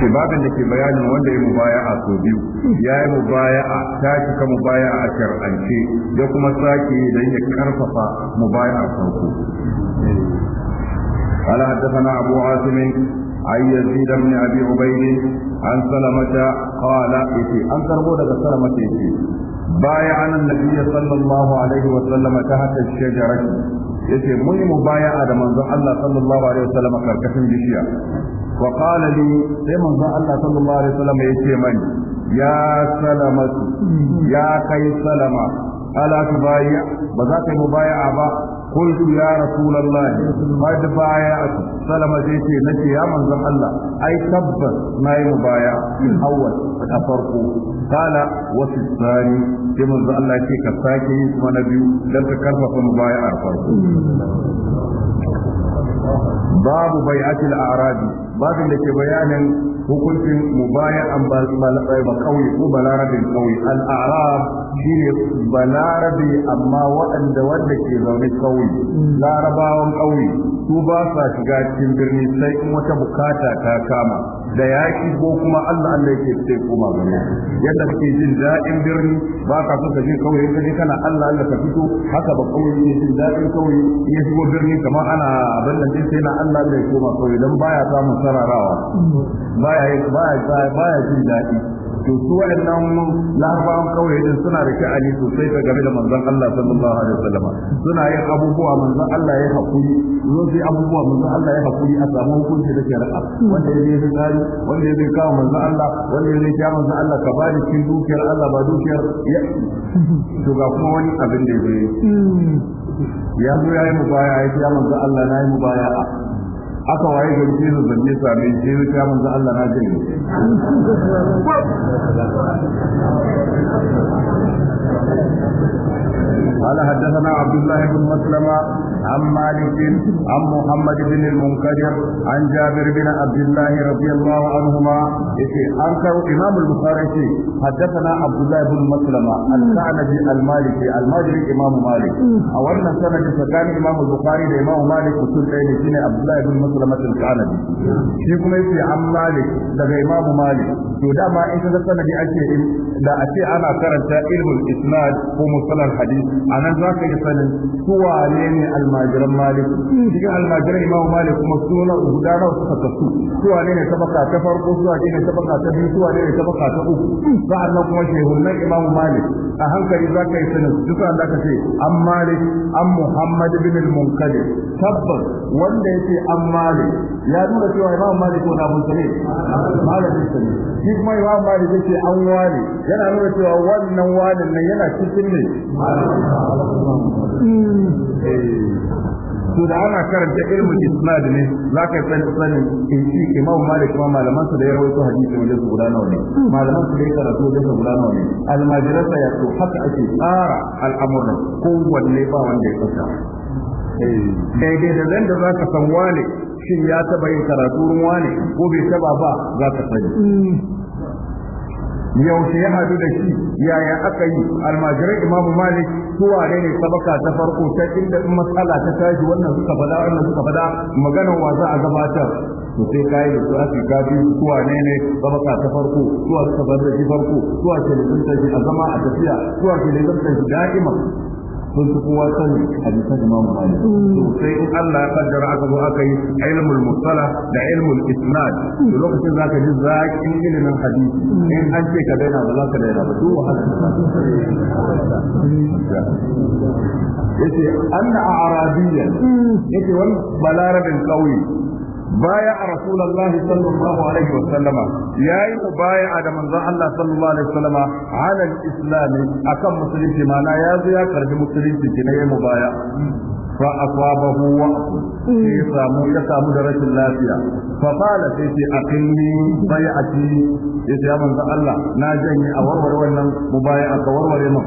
ce babin da ke bayanin wanda ya a sau biyu ya yi a ta cika mubaya a shar'ance ya kuma sake da ya karfafa mubaya'a farko قال حدثنا عن يزيد بن ابي عبيد عن سلمة قال إتي أن تربو لك سلمة إتي بايعنا النبي صلى الله عليه وسلم تحت الشجرة yace mun yi mubaya'a da manzon Allah sallallahu alaihi wasallam karkashin bishiya wa qala li sai manzon Allah sallallahu alaihi wasallam yace mani ya salamatu ya kai salama ala tubaya ba za ka yi mubaya'a ba قلت يا رسول الله قد بايعت سلمة زيتي نتي يا من زم الله أي تبت ما يبايع الأول أفرقه قال وفي الثاني في من زم الله كي كساكي ثم نبي لم تكرف فمبايع أفرقه باب بيعة الأعراب باب اللي بيان hukuncin mubayan kauye ko balarabin kauye al'arab shine balarabe amma waɗanda wanda ke zaune kauye ƙauye larabawan ƙauye su ba sa shiga cikin birni sai in wata bukata ta kama da yaƙi ko kuma Allah Allah yake sai koma gare yadda kake jin daɗin birni ba ka so ka je ƙauye ka je kana Allah Allah ka fito haka ba ƙauye ne jin daɗin ƙauye ya shigo birni kamar ana abin da sai na Allah Allah ya koma ƙauye dan baya samun sararawa baya baya baya jin daɗi to su wayannan larabawan kauye din suna da sha'ani sosai ta game da manzon Allah sallallahu alaihi wasallam suna yin abubuwa manzon Allah ya hakuri zo sai abubuwa manzon Allah ya hakuri a samu hukunci da shari'a wanda ya zai tsari wanda ya zai kawo manzon Allah wanda ya zai kawo manzon Allah ka ba da dukiyar Allah ba dukiyar ya to ga kuma wani abin da ya zai hmm. ya zo ya yi mubaya ya ce ya manzon Allah na yi mubaya'a aka waye gari sai su zanne same shi sai ya manzo Allah na jin قال حدثنا عبد الله بن مسلمة عن مالك عن محمد بن المنكدر عن جابر بن عبد الله رضي الله عنهما أنكر إمام البخاري حدثنا عبد الله بن مسلمة الثعلبي المالكي المالكي إمام مالك أولنا سنة فكان إمام البخاري لإمام مالك وسلطان عبد الله بن مسلمة musulmatin shi kuma yake amma ne daga imamu malik to dama in kaga sanadi ake da a ce ana karanta ilmul isnad ko musalal hadith anan za ka yi sanin su wane ne almajiran malik cikin almajiran imamu malik kuma suna na guda nawa suka kasu su wane ne tabaka ta farko su wane ne tabaka ta biyu su wane ne tabaka ta uku sa'an nan kuma shehunan imamu malik a hankali za ka yi sanin duk an da ka ce an malik an muhammad bin al-munkadir tabbas wanda yake an malik ya nuna cewa imamu malik ko na mun sani malik bin shi kuma ba da yake an ware yana nuna cewa wannan wani nan yana cikin ne to da ana karanta ilmu isnad ne za ka san sanin in shi imam malik ma malaman su da ya rawaito hadisi da su guda nawa ne malaman su da ya karatu da su guda nawa ne almajiransa ya to haka ake tsara al'amuran wanne ba wanda ya eh dai da zan da za ka san wane shin ya taba yin karatu wani ko bai taba ba za ka sani yaushe ya hadu da shi yaya aka yi almajiran imamu malik suwa ne ne sabaka ta farko ta inda in matsala ta tashi wannan suka fada wannan suka fada maganar wa za a gabatar to sai kai da su ake gabi suwa ne ne sabaka ta farko suwa suka fada shi farko suwa ke da shi a zama a tafiya suwa ke da shi da'ima sun fi kowa sani hadisan imam malik to in Allah ya kaddara aka zo aka yi ilmul musala da ilmul isnad to lokacin zaka ji zakin ilimin hadisi in an ce ka daina ba za ka daina ba duk wahala yace anna arabiyyan yace wani balarabin kauye baya a rasulullahi sallallahu alaihi wa sallama yayi mu baya da manzon Allah sallallahu alaihi wa sallama ala al-islam musulunci mana ya zo ya karbi musulunci ne mu baya fa asabahu wa mm. sai ya samu ya samu da rashin lafiya fa qala sai ce aqimni bai'ati ya ce manzo Allah na janye a warware wannan mubai'a ka warware mu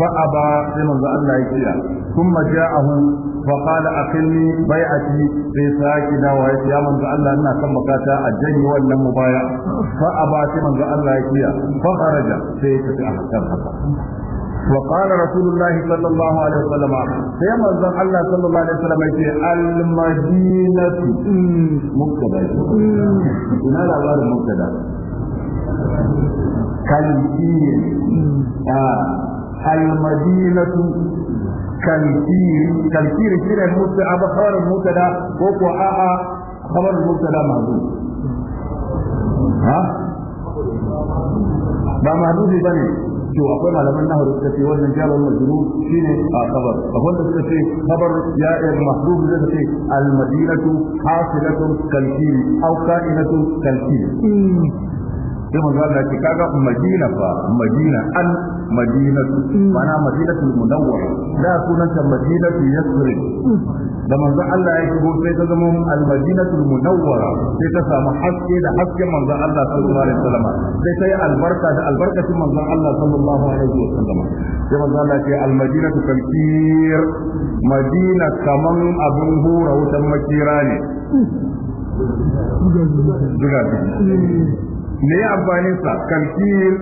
fa aba sai manzo Allah ya kiya kuma ja'ahu fa qala aqimni bai'ati sai saki dawa ya ce ya manzo Allah ina kan bukata a janye wannan mubai'a fa aba sai manzo Allah ya kiya fa kharaja sai ya tafi a hakan haka وقال رسول الله صلى الله عليه وسلم سيما زن الله صلى الله عليه وسلم المدينة مبتدا هنا الأبواب المبتدا كالكير آه المدينة كالكير كالكير كير المبتدا بخار المبتدا وقوة خبر المبتدا مهدود ها ba mahdubi bane to akwai malaman nahar suka ce wannan jarul majrur shine a kabar akwai da suka ce khabar ya ir mahdhuf zai ce al madinatu hasilatu kalkil au kainatu kalkil hmm. sai manzo Allah ce kaga madina fa madina an madinatu mana madinatu munawwara da sunanta madinatu yasrib da manzo Allah ya shigo sai ta zama al-madinatu munawwara sai ta samu haske da haske manzo Allah sallallahu alaihi wasallam sai ta yi albarka da albarkacin manzo Allah sallallahu alaihi wasallam sai manzo Allah ya ce al-madinatu kalkir madina kaman abun hura wutan makira ne Jiga ya amfanin sa kalkir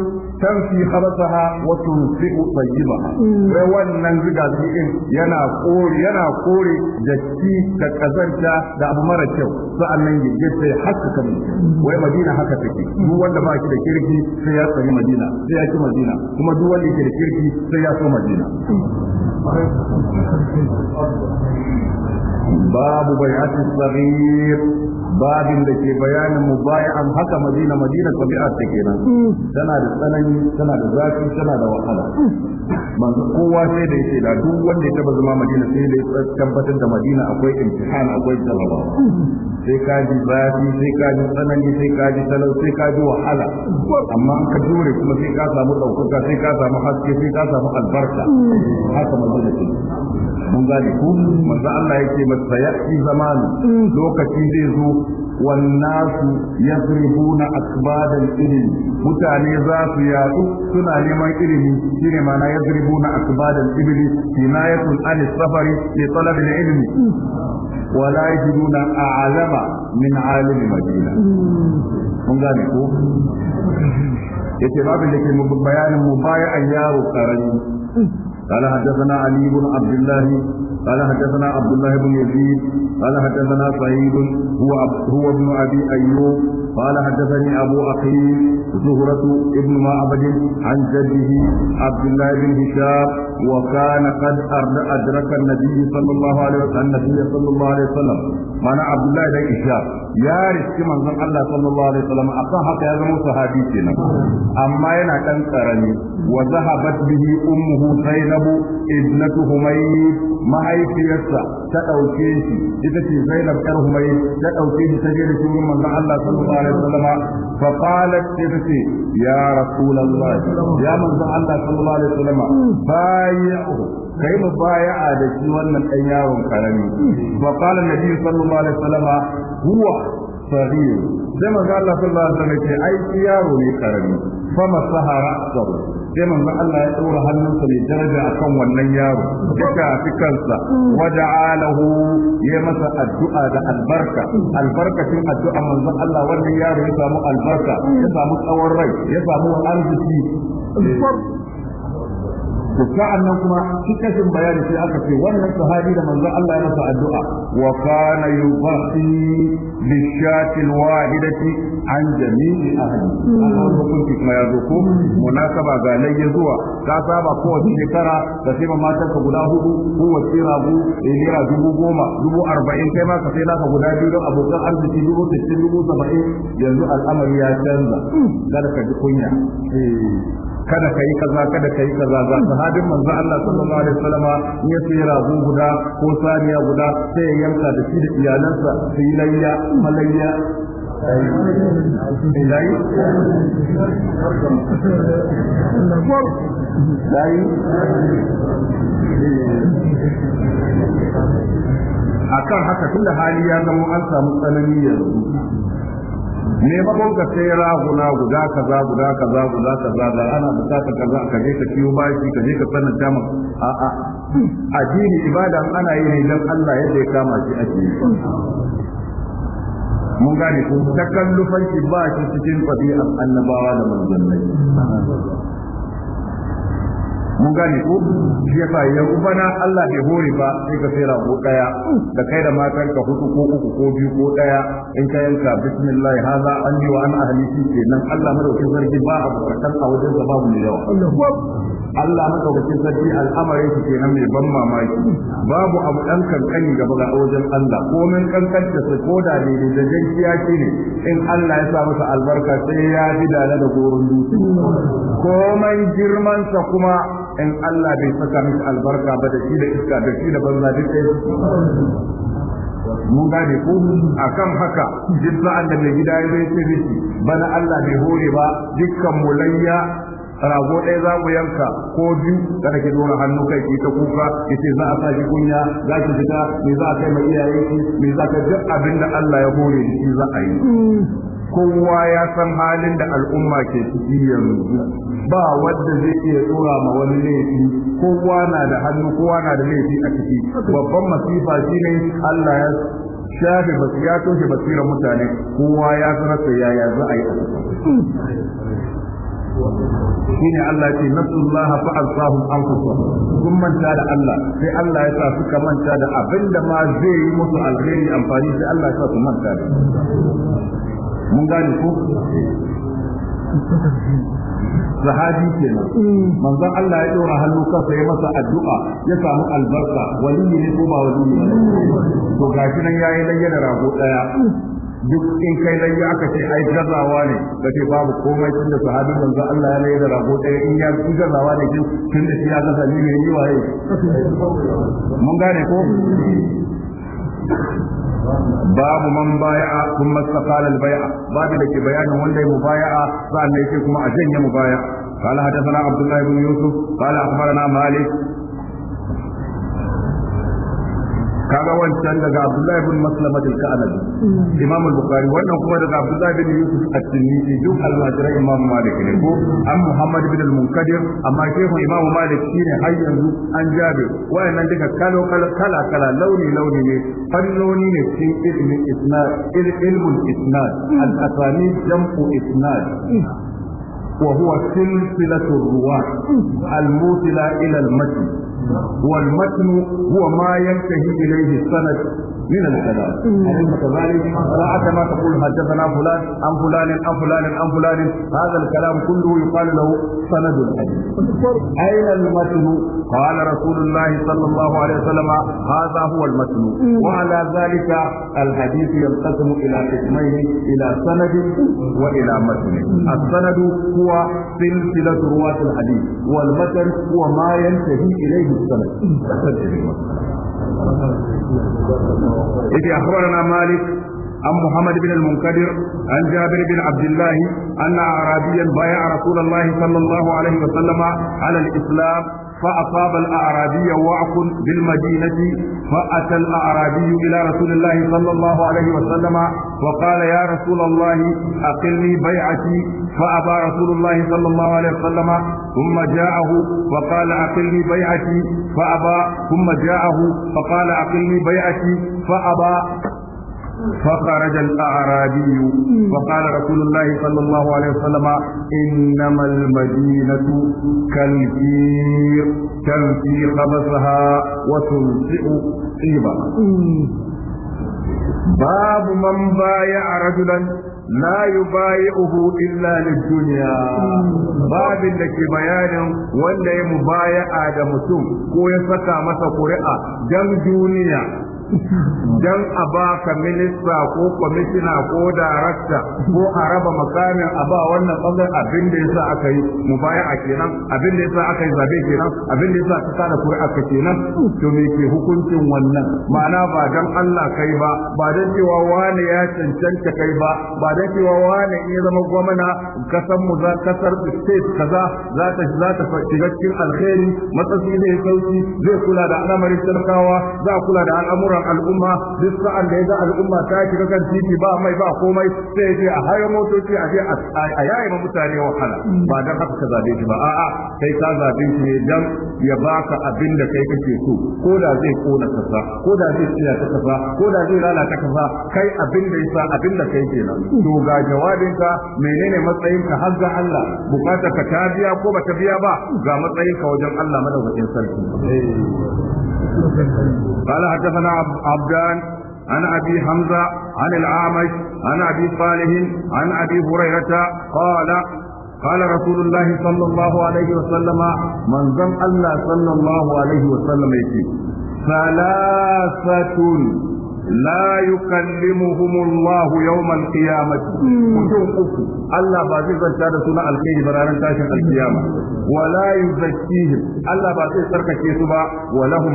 tanfi khabasaha wa tunsi'u tayyibaha wai mm. wannan ziga cikin yana kore yana kore da ci da kazanta da abu mara kyau sa'annan yaje sai haka kan mm. wai madina haka take duk wanda ba shi da kirki sai ya tsari madina sai ya ci madina kuma duk wanda yake da kirki sai ya so madina mm. babu bai'atu saghir babin da ke bayanin mubay'an haka madina madina tabi'a ta kenan tana da tsanani tana da zafi tana da wahala manzo kowa sai da yake da duk wanda ya taba zama Madina sai da ya tabbatar da Madina akwai imtihan akwai jarraba sai ka ji zafi sai ka ji tsanani sai ka ji talau sai ka ji wahala amma an ka jure kuma sai ka samu ɗaukaka sai ka samu haske sai ka samu albarka haka manzo da mun gane ku manzo Allah yake masa ya'ti zamanu lokaci zai zo والناس يضربون أكباد الإلم متعني ذات يادو سنة لما إلم شيني ما يضرب يكون أكباد الإبل حماية عن السفر لطلب العلم ولا يجدون أعلم من عالم مدينة من ذلك إيه؟ يتباب باب اللي كان بيان مبايع يارو قرن قال حدثنا علي بن عبد الله قال حدثنا عبد الله بن يزيد قال حدثنا سعيد هو هو ابن ابي ايوب قال حدثني ابو اخي زهرة ابن معبد عن جده عبد الله بن هشام وكان قد ادرك النبي صلى الله عليه وسلم النبي صلى الله عليه وسلم معنى عبد الله بن هشام يا رزق من الله صلى الله عليه وسلم akan haka ya zama sahabi kenan amma yana dan karami wa zahabat bihi ummuhu zainabu ibnatu humayd mahaifiyarsa ta ɗauke shi ita ce Zainab ƴar Humayi ta ɗauke shi ta je da shi manzon Allah sallallahu alaihi wasallam fa qalat ita ce ya rasulullah ya manzon Allah sallallahu alaihi wasallam bai'u kai mu baya'a da shi wannan ɗan yaron karami fa qala nabi sallallahu alaihi wasallam huwa صغير sai manzo Allah sallallahu alaihi wasallam ce ai yaro ne karami fa masaha ra'sahu sai manzo Allah ya dora hannunsa ne daraja akan wannan yaro ya tafi waja'alahu ya masa addu'a da albarka albarkacin addu'a manzo Allah wannan yaro ya samu albarka ya samu tsawon rai ya samu arziki to sa'an nan kuma cikin bayani sai aka ce wannan sahabi da manzon Allah ya masa addu'a wa kana yubasi bi shatil wahidati an jami'i ahli Allah hukunci kuma ya zo ko munasaba ga laye zuwa ka saba kowace shekara da sai ta ka guda hudu ko wace rabu eh, naira dubu goma dubu arba'in kai ma ka sai naka guda biyu don abokan arziki dubu sittin dubu saba'in yanzu al'amari ya canza kada ka ji kunya eh, kada ka yi kaza kada ka yi kaza za su sahabin manzo Allah sallallahu alaihi wasallam ya sai rago guda ko saniya guda sai ya yanka da shi da iyalansa su yi layya malayya eh, eh. A kan haka tun da hali ya zama an samu tsanani yanzu, maimakon ka sai raguna guda kaza guda kaza guda kaza da ana bukatar kaza ka je ka kiyo bashi ka je ka sanin jama a a addini ibada ana yi ne dan Allah yadda ya kama shi addini mun gane ko takallufanci ba shi cikin fadi'an annabawa da manzannai mun gane ko shi yasa yanzu bana Allah bai hore ba sai ka ko ɗaya, daya da kai da matar ka hudu ko uku ko biyu ko daya in ka yanka bismillah hadha an yi wa an ahli shi kenan Allah madaukakin sarki ba a bukatar a wajen sa babu ne yawa Allah madaukakin sarki al'amarin shi kenan mai ban mamaki babu abu dan kankani gaba ga wajen Allah komin kankanta su ko da ne da jankiya ce ne in Allah ya sa masa albarka sai ya fi da da gurin dutse Komai girman sa kuma in Allah bai saka musu albarka ba da shi da iska da shi da banza duk sai mun gane ko kan haka duk da mai gida ya zai ce bana Allah bai hore ba dukkan mulayya rago ɗaya za mu yanka ko biyu da ki dora hannu kai ki ta kuka ki ce za a sa ki kunya za ki fita me za a kai ma iyaye ki me za ka duk abin da Allah ya hore shi za a yi kowa ya san halin da al'umma ke ciki yanzu ba wanda zai iya tsora ma wani laifi kowa na da hannu kowa na da laifi a ciki babban masifa shine Allah ya shafe ya toshe basirar mutane kowa ya sanar da yaya za a yi shine Allah ce nasullaha fa alsahum anfusahum kun manta da Allah sai Allah ya sa suka manta da abinda ma zai yi musu alheri amfani sai Allah ya sa su manta da mun gane ko sahabi kenan manzon Allah ya dora hannu kan sai masa addu'a ya samu albarka waliyi ne ko ba waliyi ne to gashi nan yayi layyana rago daya duk in kai ya aka ce ai jarrawa ne da ce babu komai tun da sahabin manzo Allah ya laye da rago ɗaya in ya ci jarrawa ne kin tun da shi ya gaza ne mai yi waye mun gane ko babu man baya'a kun mastaqala al babu da ke bayanin wanda ya mubaya'a sa'an ne yake kuma a janye mubaya'a قال حدثنا عبد الله بن يوسف قال اخبرنا مالك kaga wancan daga Abdullahi bin Maslama da Ka'anabi mm. Imam al-Bukhari wannan kuma daga Abdullahi bin Yusuf at-Tinnisi duk al-Majra Imam Malik ne ko an Muhammad bin al-Munkadir amma shehu Imam Malik shine har yanzu an jabe wayannan duka kalo kala kala launi launi ne fannoni ne cikin ilmin isnad ilmul isnad mm. al-asani jam'u isnad وهو سلسلة الرواة الموصلة إلى والمتن هو ما ينتهي إليه السند من الكلام أليس كذلك؟ قراءة ما تقول حدثنا فلان عن فلان عن فلان عن فلان هذا الكلام كله يقال له سند الحديث أين المتن؟ قال رسول الله صلى الله عليه وسلم هذا هو المتن وعلى ذلك الحديث ينقسم إلى قسمين إلى سند وإلى متن السند هو سلسلة رواة الحديث والمتن هو ما ينتهي إليه إذ أخبرنا مالك عن محمد بن المنكدر عن جابر بن عبد الله أن أعرابيا بايع رسول الله صلى الله عليه وسلم على الإسلام فأصاب الأعرابي وعق بالمدينة فأتى الأعرابي إلى رسول الله صلى الله عليه وسلم وقال يا رسول الله أقلني بيعتي فأبى رسول الله صلى الله عليه وسلم ثم جاءه وقال أقلني بيعتي فأبى ثم جاءه فقال أقلني بيعتي فأبى فخرج الأعرابي وقال رسول الله صلى الله عليه وسلم إنما المدينة كالكير تنفي خبثها وتلصئ طيبا باب من بايع رجلا لا يبايعه إلا للدنيا باب لك بيان ولا يبايع آدم سوء كو يسكى مسا قرئة جم دنيا dan a baka minista ko kwamishina ko darakta ko a raba makamin a ba wannan bangaren abin da yasa aka yi mu baya a kenan abin da yasa aka yi zabe kenan abin da yasa ka tsara kuri'a ka kenan to me ke hukuncin wannan ma'ana ba dan Allah kai ba ba dan cewa wani ya cancanta kai ba ba dan cewa wani ya zama gwamna kasan mu za kasar state kaza za ta za ta shiga cikin alheri matsayi zai sauki zai kula da al'amarin talakawa za kula da al'amura kiran al'umma duk sa'an da ya ga al'umma ta shiga kan titi ba mai ba komai sai ya ce a hayo motoci a je a yaye ma mutane wahala ba dan haka ka zabe shi ba a'a kai ka zabe shi ne dan ya baka abin da kai kake so ko da zai kona kasa ko da zai tsira ta kasa ko da zai lalata kasa kai abin da yasa abin da kai kenan to ga jawabinka menene matsayinka har ga Allah bukatar ka ta biya ko ba ta biya ba ga matsayinka wajen Allah madaukakin sarki eh. قال حدثنا عبدان عن أبي حمزة عن الأعمش عن أبي صالح عن أبي هريرة قال قال رسول الله صلى الله عليه وسلم من ذم الله صلى الله عليه وسلم يتي ثلاثة la yukallimuhum Allah yawm al-qiyamah mutum uku Allah ba zai zanta da suna alkhairi ba ranar tashin alkiyama wala yuzakkihim Allah ba zai sarkake su ba wa lahum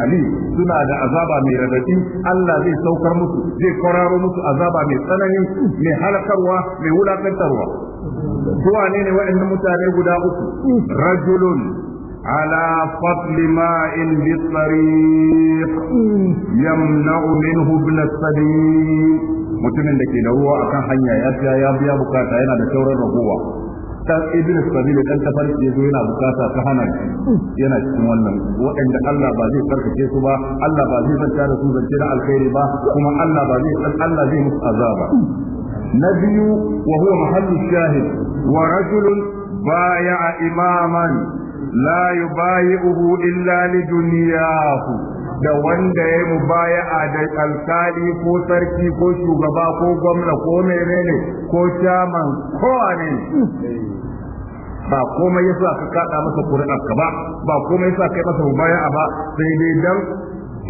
Ali suna da azaba mai radadi Allah zai saukar musu zai kwararo musu azaba mai tsananin, mai halakarwa mai wulakantarwa zuwa Wanene ne waɗannan mutane guda uku rajulun على فضل ماء بالطريق يمنع منه ابن السبيل mutumin da ke da ruwa a kan hanya ya siya ya biya bukata yana da sauran ragowa ta ibn sabil dan tafarki yazo yana bukata ta hana shi yana cikin wannan waɗanda Allah ba zai sarkace su ba Allah ba zai zanta da su zance da alkhairi ba kuma Allah ba zai Allah zai musu azaba na biyu wa huwa mahallu shahid wa rajulun بايع imaman لا يبايعه lali لدنياه da wanda ya a da alkali ko sarki ko shugaba ko gwamna ko menene ko chairman ko ne ba komai yasa ka kada masa qur'an ka ba ba komai yasa kai masa a ba sai dai dan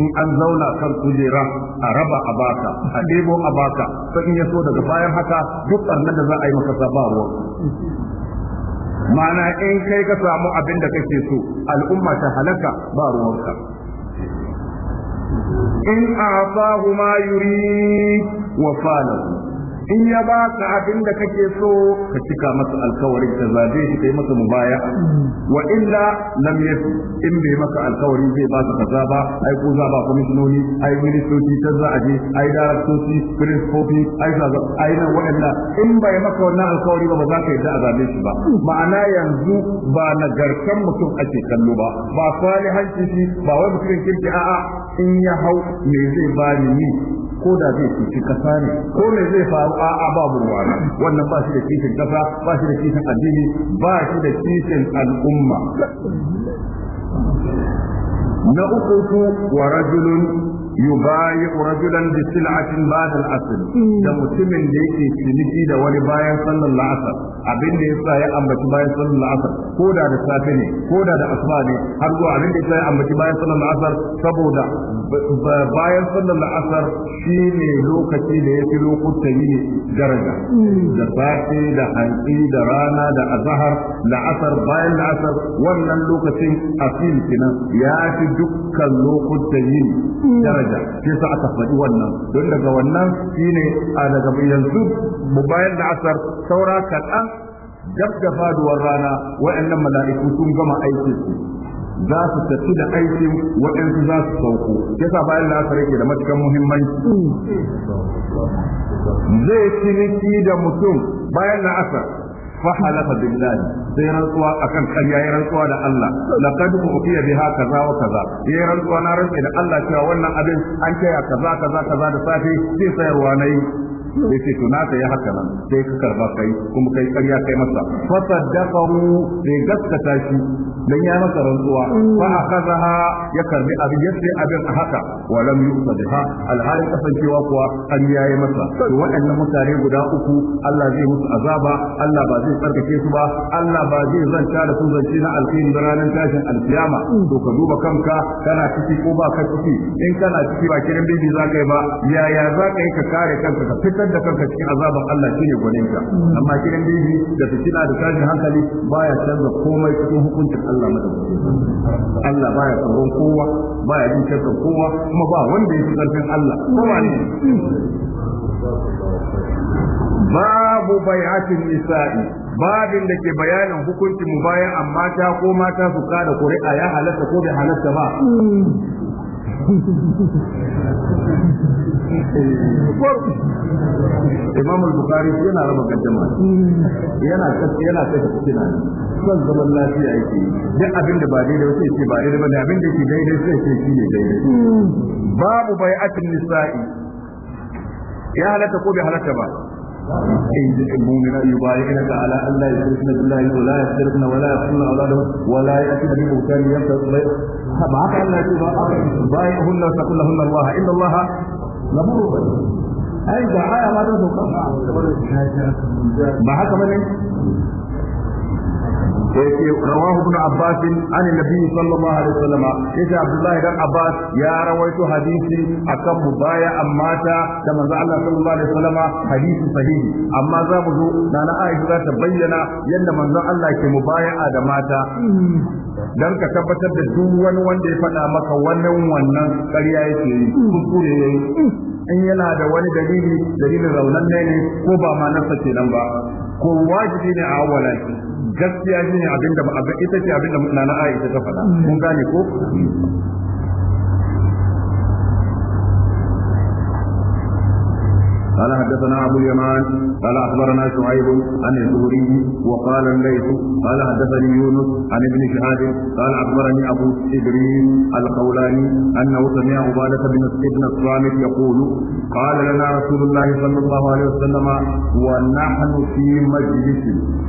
in an zauna kan kujera a raba a baka a debo a baka sai in yaso daga bayan haka duk barnar da za a yi maka ba ma'ana in kai ka samu abin da kake so al'umma ta halaka ba ruwanka in fahu ma yuri wa falahu in ya ba ka abin da kake so ka cika masa alkawarin ka zabe shi kai masa mubaya wa illa lam yafi in bai maka alkawari zai ba ka kaza ba ai ko za ba kwamishinoni ai ministoci ta za a je ai daraktoci principofi ai za ai nan waɗanda in bai maka wannan alkawari ba ba za ka yarda a zabe shi ba ma'ana yanzu ba nagartan mutum ake kallo ba ba salihanci shi ba wai mutumin kirki a'a in ya hau me zai bani ni ko da zai cuci kasa ne ko me zai faru a babu ruwana wannan ba shi da kishin kasa ba shi da kishin addini ba shi da kishin al'umma na uku wa rajulun yubayi'u rajulan bi sil'atin ba'da al-asr da mutumin da yake ciniki da wani bayan sallar la'asar abin da yasa ya ambaci bayan sallar la'asar ko da da safe ne ko da da asuba ne har zuwa abin da yasa ya ambaci bayan sallar la'asar saboda bayan sallar la'asar shi ne lokaci da ya fi lokuta yi daraja da safe da hantsi da rana da azahar la'asar bayan la'asar wannan lokacin asil kenan ya fi dukkan lokuta yi daraja daraja sai sa aka faɗi wannan don daga wannan shine a daga yanzu mu bayan da asar saura kaɗan gab da faduwar rana wa'annan mala'iku sun gama aikin su za su tafi da aikin waɗansu za su sauko yasa bayan la'asar yake da matukar muhimmanci mm. zai ciniki da mutum bayan la'asar فحلف بالله sai rantsuwa akan karya ya rantsuwa da Allah laqad uqiya ha kaza wa kaza ya rantsuwa na rantsi da Allah cewa wannan abin an taya kaza kaza kaza da safe zai sayarwa nayi sai ce to na ya haka sai ka karba kai kuma kai karya kai masa fa mu sai ka shi dan ya masa rantsuwa fa akazaha ya karbi abin yace abin haka wa lam yuqadha alhali kasancewa kuwa an yayi masa to waɗannan mutane guda uku Allah zai musu azaba Allah ba zai tsarkake su ba Allah ba zai zanta da su zance na alkhairi da ranar tashin alkiyama to ka duba kanka kana ciki ko ba ka ciki in kana ciki ba kiran bibi za ka yi ba yaya za ka yi ka kare kanka ka fitar da kanka cikin azaban Allah shine gwaninka amma kiran bibi da fitina da tashin hankali baya canza komai cikin hukuncin Allah madaukakin Allah baya tsoron kowa baya jin shakkan kowa kuma ba wanda yake karfin Allah kowa ne babu bai'atin nisa'i babin da ke bayanin hukuncin mu bayan amma ta ko mata su kada kuri'a ya halatta ko bai halatta ba imam al-bukhari yana raba gaddama yana yana saka fitina son zaman lafiya yake duk abin da ba daidai ba sai ce ba daidai ba da abin da yake daidai sai ce shi ne daidai babu bai'atun nisa'i ya halaka ko bai halaka ba المؤمنات يبايعنك على ان لا يشركن بالله ولا يسرقن ولا يقتلن اولادهم ولا ياتين ببهتان يفترق ما كان لا يشوفها بايعهن واتقوا لهن الله ان الله غفور ai da aya ma ta sauka ba haka bane yace rawahu ibn abbas an nabi sallallahu alaihi wasallam yace abdullah ibn abbas ya rawaito hadisi akan mubaya amma ta da manzo Allah sallallahu alaihi wasallam hadisi sahihi amma za mu zo na Aisha za ta bayyana yadda manzan Allah ke mubaya da mata dan ka tabbatar da duk wani wanda ya faɗa maka wannan wannan ƙarya yake yi kuskure yayi in yana da wani dalili dalilin raunan ne ko ba ma nasa kenan ba ko wajibi ne a awalan gaskiya shine abinda ita ce abinda nana Aisha ta faɗa mun gane ko قال حدثنا أبو اليمان قال أخبرنا شعيب عن الزهري وقال الليث قال حدثني يونس عن ابن شهاب قال أخبرني أبو إدريس الخولاني أنه سمع عبادة بن ابن الصامت يقول قال لنا رسول الله صلى الله عليه وسلم ونحن في مجلس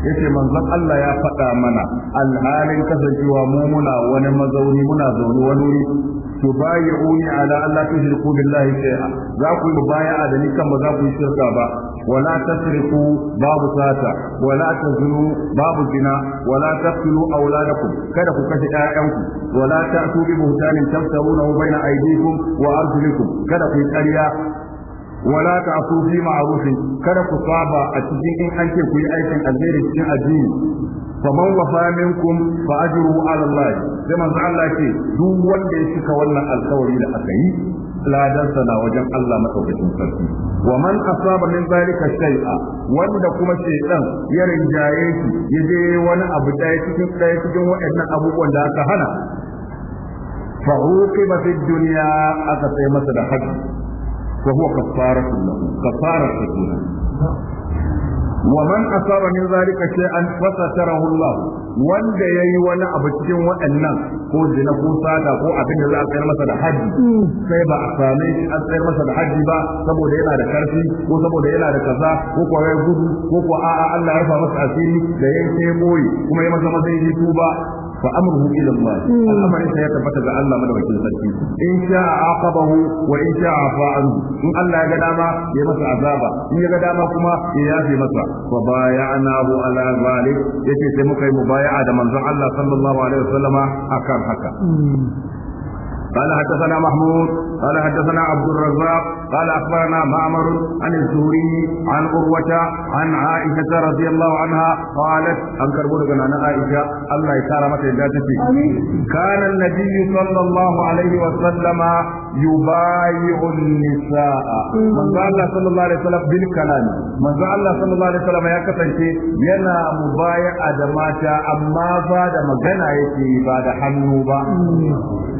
yace manzon Allah ya faɗa mana alhalin kasancewa mu muna wani mazauni muna zaune wani wuri tubayyi'uni ala Allah tushriku billahi shay'a za ku yi mubaya'a da ni kan za ku yi shirka ba wala tasriku babu sata wala tazunu babu zina wala taqtulu auladakum kada ku kashe 'ya'yanku, wala ta'tu bi buhtanin tafsirunahu baina aydikum wa arjulikum kada ku yi ƙarya wala ta asu fi ma'rufin kada ku saba a cikin in an ce ku yi aikin alheri cikin addini faman wafa minkum fa ajru ala Allah sai manzo Allah ce duk wanda ya cika wannan alkawari da aka yi ladansa na wajen Allah madaukakin sarki wa man asaba min zalika shay'a wanda kuma shaytan ya rinjaye shi ya je wani abu daya cikin daya cikin waɗannan abubuwan da aka hana fa uqiba fi dunya aka sai masa da haƙƙi وهو كفارة له كفارة له ومن أصاب من ذلك شيئا فستره الله wanda ya yi wani abu cikin waɗannan ko zina ko sada ko abin da za a tsayar masa da haji sai ba a same shi an masa da haji ba saboda yana da karfi ko saboda yana da kaza ko kuwa ya gudu ko kuwa a'a Allah ya rufa masa asiri da ya sai boye kuma ya masa masa yi tuba fa amruhu ila Allah al'amarin sa ya tabbata ga Allah madaukakin sarki in sha'a aqabahu wa in sha'a fa'alu in Allah ya ga dama ya masa azaba in ya ga dama kuma ya yafe masa wa bayanahu ala zalik yace sai muka yi mubaya'a da manzon Allah sallallahu alaihi wasallama akan haka hmm. قال حدثنا محمود قال حدثنا عبد الرزاق قال اخبرنا معمر عن الزهري عن قروة عن عائشة رضي الله عنها قالت انكر بولغن عن عائشة الله يكرمك يا كان النبي صلى الله عليه وسلم yubayi'u nisaa manzo Allah sallallahu alaihi wasallam bil kalam manzo Allah sallallahu alaihi wasallam ya kasance yana mubaya'a da mata amma ba da magana yake ba da hannu ba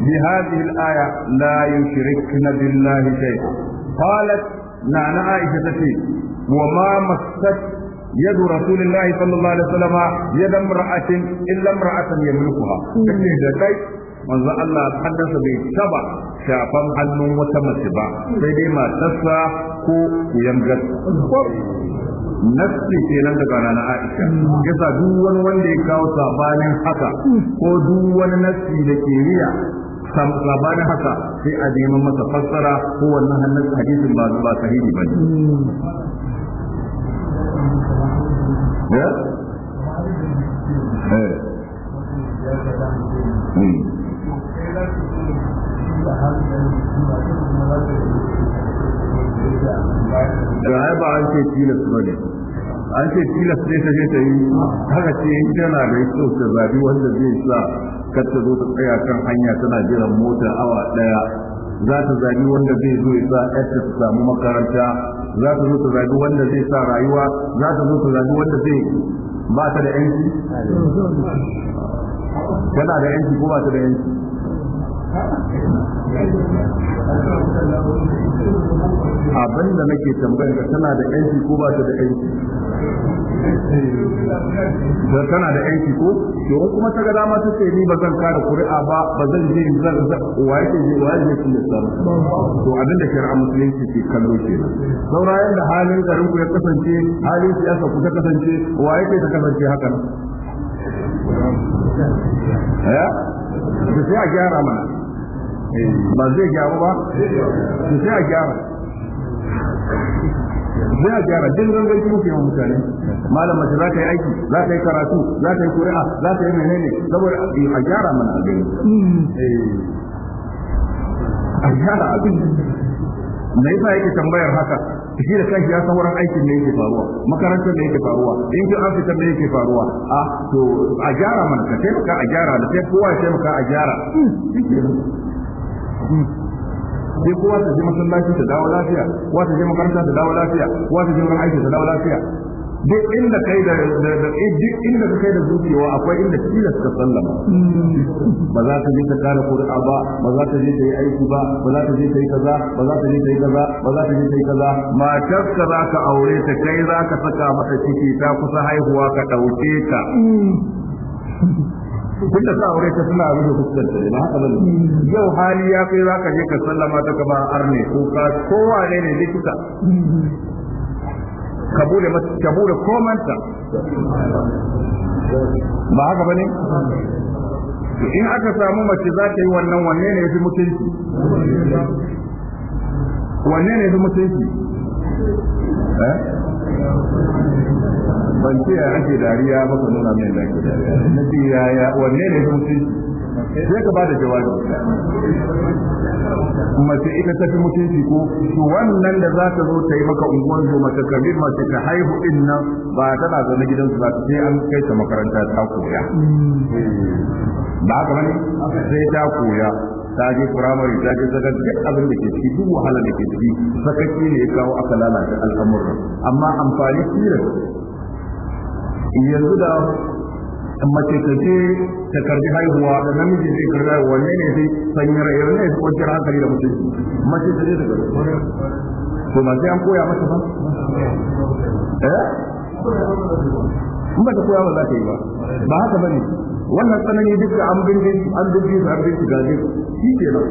bi hadhihi al-aya la yushrikna billahi nana Aisha tace wa ma massat يد رسول الله صلى الله عليه وسلم يد امرأة إلا امرأة يملكها manzo Allah haddasa bai taba shafan hannun wata mace ba sai dai matarsa ko yangar nafsi nan daga nana Aisha yasa duk wani wanda ya kawo sabanin haka ko duk wani nafsi da ke riya sabanin haka sai a neman masa fassara ko wannan hannun hadisin ba ba sahihi ba ne Yeah? Eh. Hmm. da ai ba an ce tilas ba ne an ce tilas ne ta je ta yi haka ce in da so ta zabi wanda zai sa kar ta zo ta tsaya kan hanya tana mota awa daya za ta zabi wanda zai zo ya sa ta samu makaranta za ta zo ta zabi wanda zai sa rayuwa za ta zo ta zabi wanda zai ba ta da tana da ko ba ta da yanci. abin da nake tambayar ka tana da yanki ko ba ta da yanki da tana da yanki ko to kuma ta ga dama take ni ba zan kara kuri'a ba ba zan je in zan wa yake je wa yake shi to abin da shari'a musulunci ke kallo ke. saura yanda halin garin ku ya kasance halin siyasa ku ta kasance wa yake ta kasance haka eh sai a gyara mana ba zai gyaru ba sai a gyara zai a gyara zangon kuma ke yawan mutane malam mace za ta yi aiki za ta yi karatu za ta yi kuri'a za ta yi menene saboda a gyara mana a gani a gyara abin me yasa yake tambayar haka shi da kanshi ya san wurin aikin da yake faruwa makarantar da yake faruwa in an fitar da yake faruwa a to a gyara mana ka taimaka a gyara da sai kowa ya taimaka a gyara sai kowa ta je masallaci ta dawo lafiya kowa ta je makaranta ta dawo lafiya kowa ta je wurin aiki ta dawo lafiya duk inda kai da duk inda ka kai da zuciya akwai inda tilas ka sallama ba za ka je ta kare qur'a ba ba za ka je ta yi aiki ba ba za ka je ta yi kaza ba za ka je ta yi kaza ba za ka je ta yi kaza matar ka za ka aure ta kai za ka saka mata ciki ta kusa haihuwa ka dauke ta tun da sa aure ta suna abin da kuka tattare na haka bane yau hali ya kai zaka je ka sallama ta kama arne ko ka kowa ne ne likita ka bude kabule bude komanta ba haka bane in aka samu mace za ta yi wannan wanne ne yafi mutunci wanne ne yafi mutunci eh ban ce ya ake dariya ba ka nuna min da ke dariya na ce yaya wanne ne mutunci sai ka ba da jawabi mace ita tafi mutunci ko to wannan da za ta zo ta yi maka unguwan zo mace kabir mace ka haihu din nan ba ta na zaune gidan su ba sai an kai ta makaranta ta koya mm. ba haka bane sai ta koya ta je firamare ta je zakar duk abin da ke ciki duk wahala da ke ciki sakaci ne ya kawo aka lalata al'amuran amma amfani sirar yanzu da mace ta ce ta karbi haihuwa da namiji zai karbi haihuwa ne ne sai sanya yau ne kwanciyar hankali da mutum mace ta ce ta karbi to ba sai an koya mata ba eh in ba ta koya ba za ta yi ba ba haka bane wannan tsanani duka an bindin an dubi su an binne gaje shi ke nan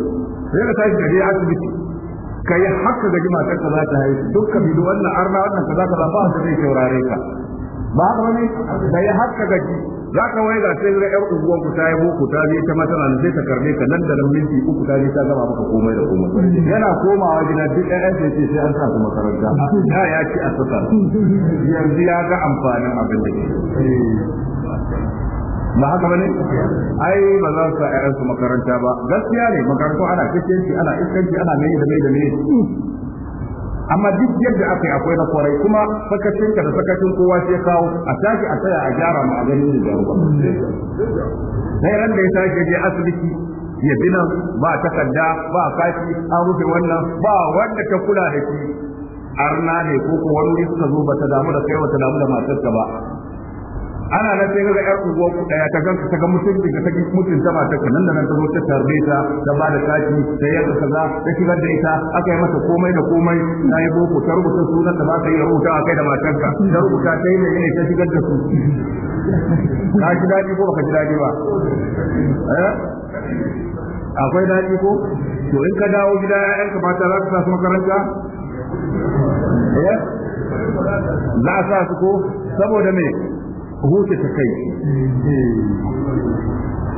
sai ka tashi gaje asibiti kai haka gaji matar ka za ta haihu dukkan bidu wannan arna wannan kaza kaza ba ta zai saurare ka ba haka bane da ya haska gaji za ka wai ga sai yar uwan ku ta yi boko ta je ta masana ne sai ta karbe ka nan da nan minti uku ta je ta gama maka komai da komai yana komawa gida duk ɗayan sai sai an sa su makaranta ya ya ci a saka yanzu ya ga amfanin abin da ke ba haka bane ai ba za su sa su makaranta ba gaskiya ne makarantu ana kishiyanci ana iskanci ana mai da mai da mai amma duk yadda aka yi akwai na kwarai kuma sakacin ka da sakacin kowa sai kawo a tashi a tsaya a gyara mu a gani da sai ran da ya tashi je asibiti ya bi nan ba takarda ba kati an rufe wannan ba wanda ta kula da shi arna ne ko ko wani suka zo ba ta damu da kai ba ta damu da matarka ba ana nan sai ga yar unguwar ku daya ta ga ta ga mutunci ka ta mutunta mata ku nan da nan ta zo ta tarbe ta ta ba da kaki ta yi kaza ta shigar da ita aka yi mata komai da komai ta yi boko ta rubuta sunan da ba ka yi rubuta a kai da ka ta rubuta ta yi ne ne ta shigar da su ka ji daɗi ko baka ji daɗi ba eh? akwai daɗi ko to in ka dawo gida ƴaƴanka mata za ka sa su makaranta eh? za a sa su ko saboda me huce ta kai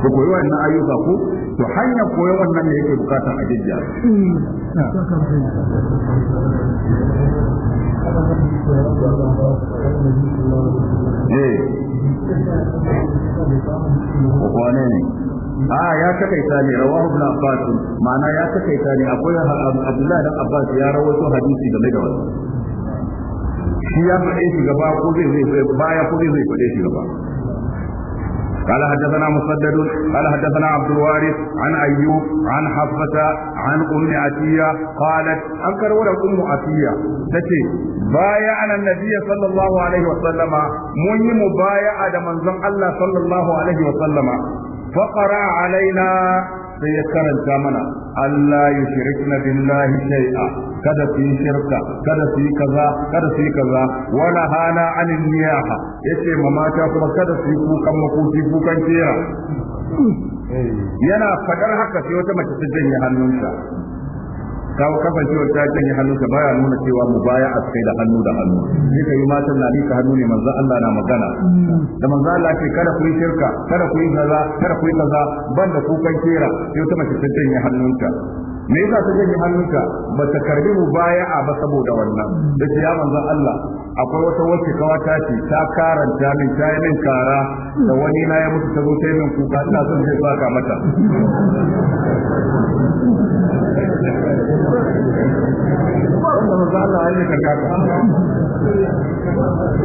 ku koyi wannan ayyuka ko to hanyar koyon wannan ne yake bukata a jijja eh ko ne a ah, ya takaita ne rawahu ibn Abbas ma'ana ya takaita ne akwai abdullahi ibn Abbas ya rawaito hadisi game da wannan shi ya faɗe shi gaba ko zai zai baya ko zai zai faɗe shi gaba قال حدثنا مسدد قال حدثنا عبد الوارث عن ايوب عن حفصه عن ام عتيه قالت انكر ولد ام عتيه تتي بايع النبي صلى الله عليه وسلم من مبايعه من الله صلى الله عليه وسلم فقرا علينا sai ya karanta mana Allah ya shirkna billahi shay'a kada su yi shirka kada su yi kaza kada su yi kaza wala hana anin niyaha yace ma mata kuma kada su yi kukan makoki kukan kera yana fadar haka sai wata mace ta janye hannunsa. kawo cewa ta hannu hannunka baya nuna cewa mu baya a kai da hannu da hannu sai ka yi matan na ka hannu ne manzo Allah na magana da manzo Allah ce kada ku yi shirka kada ku yi kaza kada ku yi kaza banda kukan kera sai ta mace ta janye hannunta me yasa ta janye hannunka ba ta karbi mu baya a ba saboda wannan da ya manzo Allah akwai wata wacce kawa ta ce ta karanta min ta yi min kara da wani na ya mutu ta zo ta yi min kuka ina son zai baka mata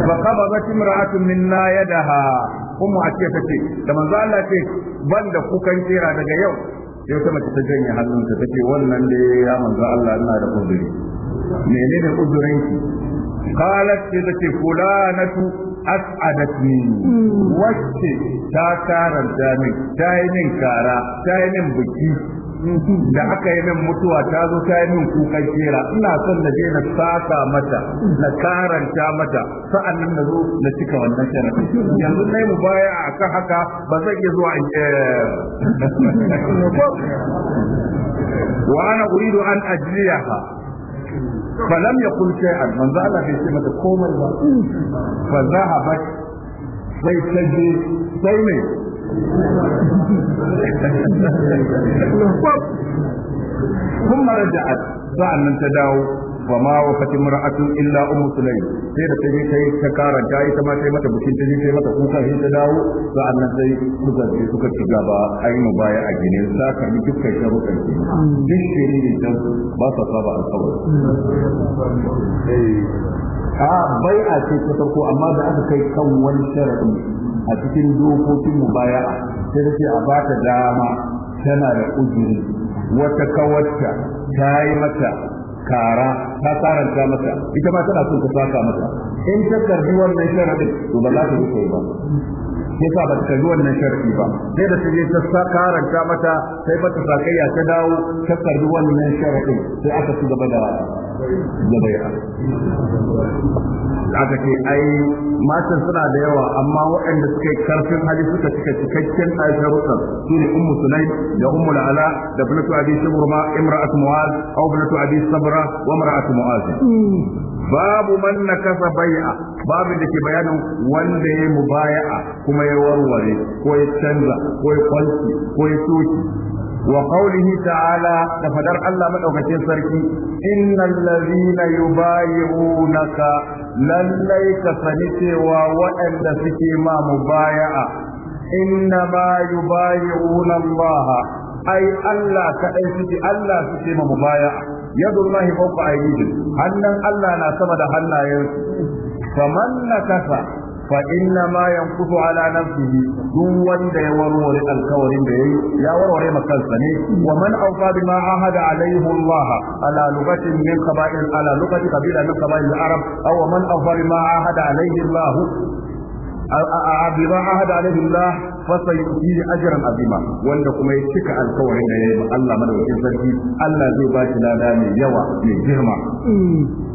فقبضت امرأة منا يدها أم عتية تتي لما قال لك بند كوكا daga yau. sai wata mace ta janye hannunta ta ce wannan da ya manzo Allah ina da uzuri menene uzurinki qalat sai ta ce fulanatu as'adatni hmm. wacce ta karanta min ta yi min kara ta yi min biki da aka yi min mutuwa ta zo ta yi min kukan kera ina son na je na saka mata na karanta mata sa'annan na zo na cika wannan sharafin yanzu na yi mu baya a kan haka ba zan iya zuwa in eh. wa ana uridu an ajiyaha فلم يقل شيئا من زعل في سمة كومل فذهبت sai ta sai ثم رجعت sa'an nan ta dawo wa ma wa fatin mar'atun illa ummu sulaim sai da ta je kai ta kara ta ita ma sai mata bukin ta je sai mata kuka sai ta dawo sa'an nan sai suka je suka ci gaba ai mu baya a gine za ka yi dukkan sharuɗan ki duk shiri ne ta ba sa saba alƙawari eh, a bai a ce ta farko amma da aka kai kan wani sharaɗi a cikin dokokin baya sai ta a bata dama tana da uzuri wata kawarta ta yi mata kara ta karanta mata ita ma tana son ta saka mata in ta karbi wannan sharadin to ba za ta yi ba sa ba ta kalli wannan sharfi ba sai da ta je ta karanta mata sai mata sakayya ta dawo ta kalli wannan sharfi sai aka ci gaba da da bai'a aka ce ai matan suna da yawa amma waɗanda suka yi karfin hali suka cika cikakken sharuɗan su ne ummu sunai da ummu la'ala da bulatu abi shuburma imra'atu mu'az aw bulatu abi sabra wa imra'atu mu'az babu man nakasa bai'a babu da ke bayanin wanda ya yi mubaya'a kuma ya warware ko ya canza ko ya kwalci ko ya soki wa qawlihi ta'ala da fadar Allah madaukakin sarki innal ladhina yubayyi'unaka lallai ka sani cewa waɗanda suke ma mubaya'a inna ma yubayyi'una Allah ai Allah kadai suke Allah suke ma mubaya'a Allah fawqa aydihim hannan Allah na sama da hannayensu faman nakasa fa mayan ma yanqutu ala nafsihi duk wanda ya warware alkawarin da yayi ya warware makansa ne wa man awfa bima ahada alaihi Allah ala lugatin min qaba'il ala lugati qabila min qaba'il arab aw man awfa bima ahada alaihi Allah bima ahada alaihi Allah fasayuti ajran azima wanda kuma ya cika alkawarin da yayi Allah madaukakin sarki Allah zai bashi shi mai yawa mai girma mm.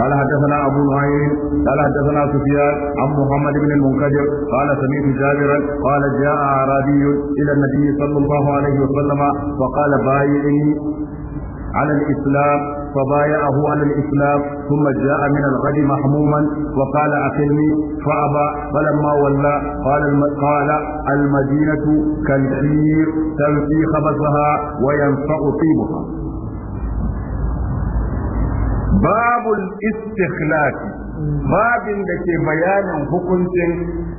قال حدثنا أبو نعيم قال حدثنا سفيان عن محمد بن المنكدر قال سمعت جابرا قال جاء أعرابي إلى النبي صلى الله عليه وسلم فقال بايعني على الإسلام فبايعه على الإسلام ثم جاء من الغد محموما وقال أقلني فأبى فلما ولى قال قال المدينة كالحير تنفي خبثها وينفع طيبها babul istikhlafi babin da ke bayanin hukuncin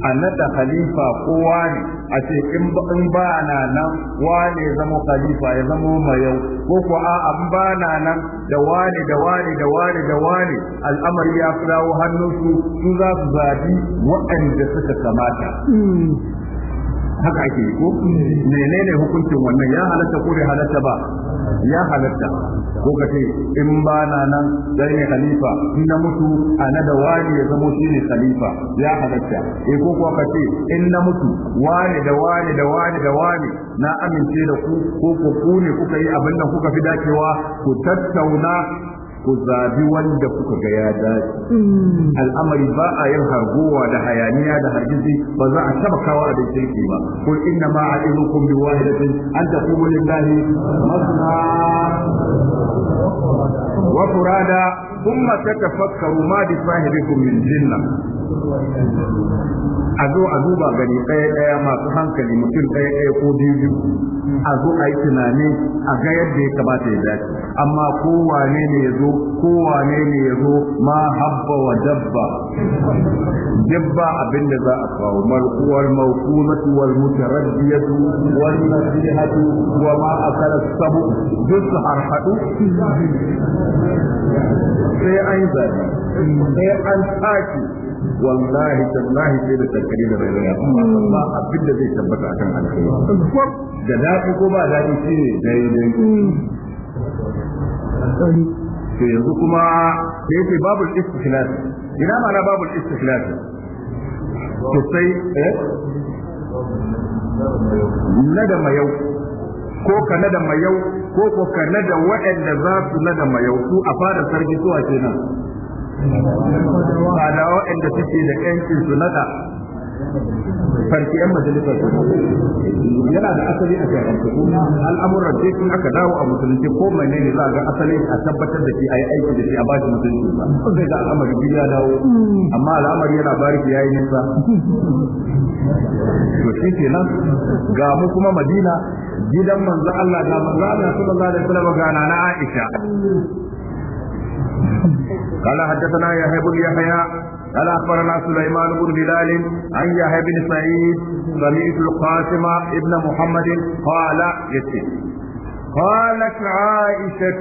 a nada khalifa ko wani a ce in ba na nan wane zama khalifa ya zama mayau ko ko a an ba na nan da wani, da wani, da wani, da wani. al'amari ya firawo hannunsu su za su zabi waɗanda suka kamata hmm. haka ake yi ko menene hukuncin wannan ya halatta ko bai halatta ba ya halatta ko ka ce in ba na nan dai ne khalifa in na mutu ana da wani ya zamo shi ne khalifa ya halatta E ko kuwa ka ce in na mutu wani da wani da wani da wani na amince da ku ko ku ne kuka yi abin da kuka fi dacewa ku tattauna ku zabi wanda kuka ga ya dace al'amari ba a yin harguwa da hayaniya da hargitsi ba za a taba kawo a dace ki ba ko inna ma a'idukum bi wahidatin an taqumu lillahi masna wa furada thumma tatafakkaru ma bi sahibikum min jinna a zo a duba gani ɗaya ɗaya masu hankali mutum ɗaya ɗaya ko biyu biyu a zo a yi tunani a ga yadda ya kamata ya dace amma kowane ne ya zo kowane ne ya zo ma habba wa dabba dibba abinda za a kawo malkuwar mawkumatu wal mutaraddiyatu wal nasihatu wa ma akala sabu duk su harhadu sai an zaɓi sai an taki wallahi tallahi sai da tsakari da bai raya amma abin da zai tabbata akan alkhairi da daɗi ko ba daɗi shi ne dai to yanzu kuma sai ce babul istikhlal ina mana babul istikhlal to sai eh nada mayau ko ka nada mayau ko ko ka nada waɗanda za su nada mayau su a fara sarki zuwa kenan ba da waɗanda suke da ƴancin su nada farki yan majalisar yana da asali a shari'ance ko al'amuran sai sun aka dawo a musulunci ko mai ne za a ga asali a tabbatar da shi a yi aiki da shi a bashi musulunci ba zai da al'amari biyu ya dawo amma al'amari yana bariki yayi nisa to shi kenan ga mu kuma Madina gidan manzo Allah da manzo Allah sallallahu alaihi wasallam ga nana Aisha قال حدثنا يحيى بن يحيى قال اخبرنا سليمان بن بلال عن يحيى بن سعيد سمعت القاسم ابن محمد قال يتي قالت عائشة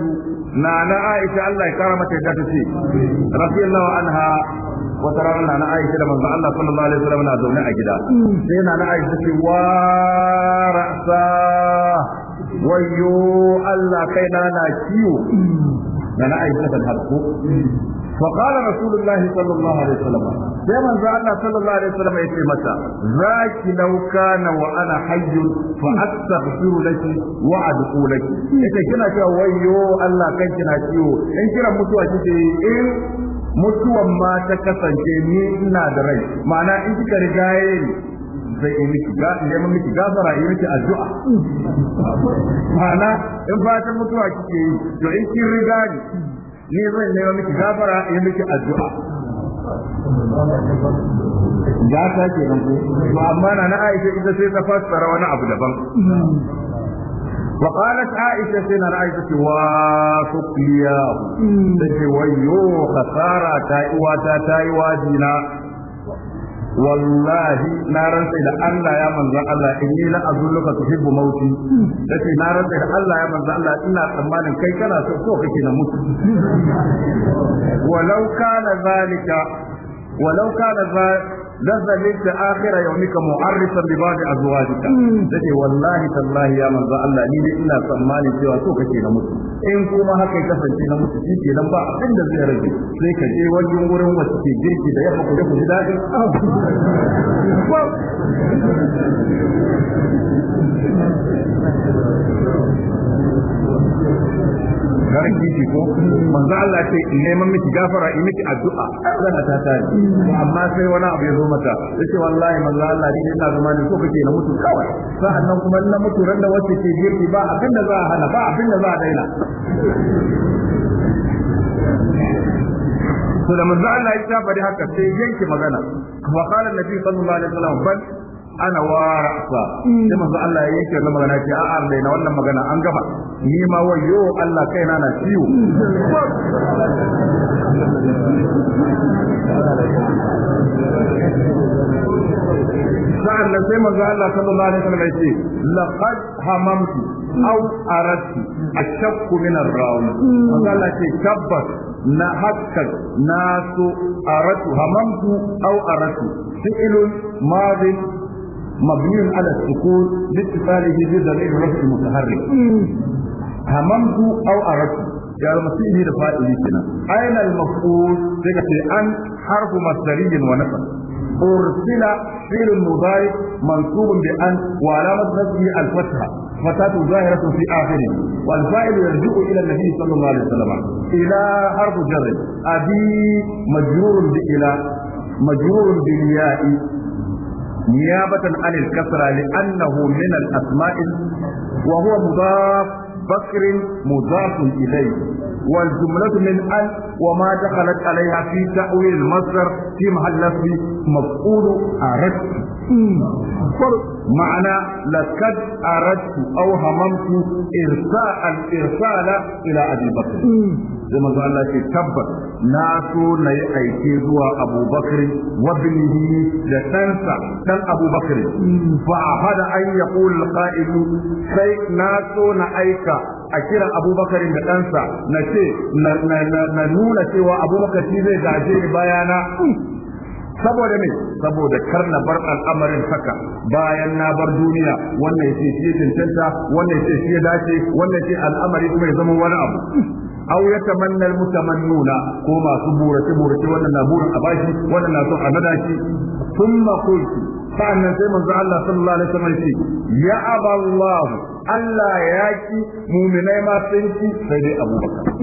نانا عائشة الله كرمت تتسي رضي الله عنها وترى نانا عائشة لما الله صلى الله عليه وسلم نازلنا أجدا نانا عائشة ورأسا ويو الله كينا ناشيو da na aisha da hakku fa qala rasulullah sallallahu alaihi wasallam sai manzo Allah sallallahu alaihi wasallam yace mata zaki law kana wa ana hayy fa astaghfiru laki wa adqu laki yace kina cewa wayyo Allah kan kina ciwo in kira mutuwa kike in eh, mutuwan ma ta kasance ni ina da rai ma'ana in kika rigaye ni zai yi miki neman miki gafara yi miki addu'a ma'ana in fatan mutuwa kike yi to in kin riga ni ni zai nema miki gafara yi miki addu'a ya ta ke nan ko amma na na Aisha ita sai ta fasara wani abu daban وقالت عائشة سنة عائشة وسقياه تجي ويو خسارة تايوا تايوا جينا wallahi na rantsa da Allah ya manzan Allah inni la azulluka tuhibbu mauti dace na rantsa da Allah ya manzan Allah ina tsammanin kai kana so ko kake na mutu walau kana zalika walau kana لذلك آخر يومك معرفا ببعض أزواجك تجي والله تالله يا من ذا الله ني إلا سماني سوى سوك كي نموت إن كما هكي كفن كي نموت كي كي نمبع عند زي رجل سيك جي وجه ورم وسكي جيكي دا يحق يحق جدائي har kishi ko manzo Allah ce neman miki gafara in miki addu'a zan ta tare amma sai wani abu ya zo mata yace wallahi manzo Allah ni yana zama ni ko na mutu kawai sa'annan kuma na mutu ran da wacce ke girki ba abin da za a hana ba abin da za a daina to da manzo Allah ya tabbata haka sai yanke magana wa qala annabi sallallahu alaihi wasallam ana wara sa mm. sai manzo Allah ya yake wannan magana ce a'a dai na wannan magana an gama ni ma wayo Allah kaina na ciwo sa'an nan sai manzo Allah sallallahu alaihi wasallam yace laqad hamamtu aw aradtu ashakku min ar-rawm mm. manzo Allah ce tabbas na hakkar na so aratu hamamtu aw aratu fi'lun madin مبني على السكون لاتصاله بضمير رفع متحرك هممت او اردت يا المسيح ده فاعل كده اين المفعول ده ان حرف مصدري ونصب ارسل فعل مضارع منصوب بان وعلامه نصبه الفتحه فتاة ظاهرة في آخره والفاعل يرجع إلى النبي صلى الله عليه وسلم إلى حرف جر أبي مجرور بإلى مجرور بالياء نيابة عن الكسرة لأنه من الأسماء وهو مضاف بكر مضاف إليه والجملة من أن وما دخلت عليها في تأويل المصدر في محل نصب مفعول أردت معنى لقد أردت أو هممت إرساء الإرسال إلى أبي بكر sai manzo Allah ce tabbas na so na yi aike zuwa Abubakar Bakr da ɗansa ɗan Abubakar, ba fa hada an yaqul qa'il sai na so na aika a kira Abubakar da ɗansa na ce na nuna cewa Abubakar shi zai gaje bayana saboda me saboda kar na bar al'amarin haka bayan na bar duniya wannan ce shi cancanta wannan ce shi dace wannan ce al'amari kuma ya zama wani abu aw yatamanna nuna ko masu burace burace wannan na burin a bashi wannan na son a nada shi thumma qultu sa'annan sai manzo Allah sallallahu alaihi wasallam ce ya aballahu Allah ya ki mu'minai ma sun ki sai dai Abubakar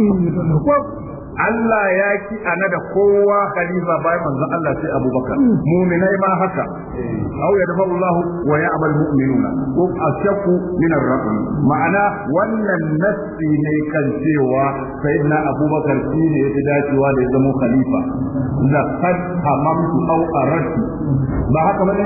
Allah ya ki ana da kowa khalifa bayan manzon Allah sai Abubakar mu'minai ma haka aw yadfa Allah wa ya'mal mu'minuna ko ashaku min ar-raqm ma'ana wannan nafsi ne kan cewa sayyidina Abubakar shi ne ya dacewa da ya zama khalifa laqad hamamtu aw aradtu ba haka bane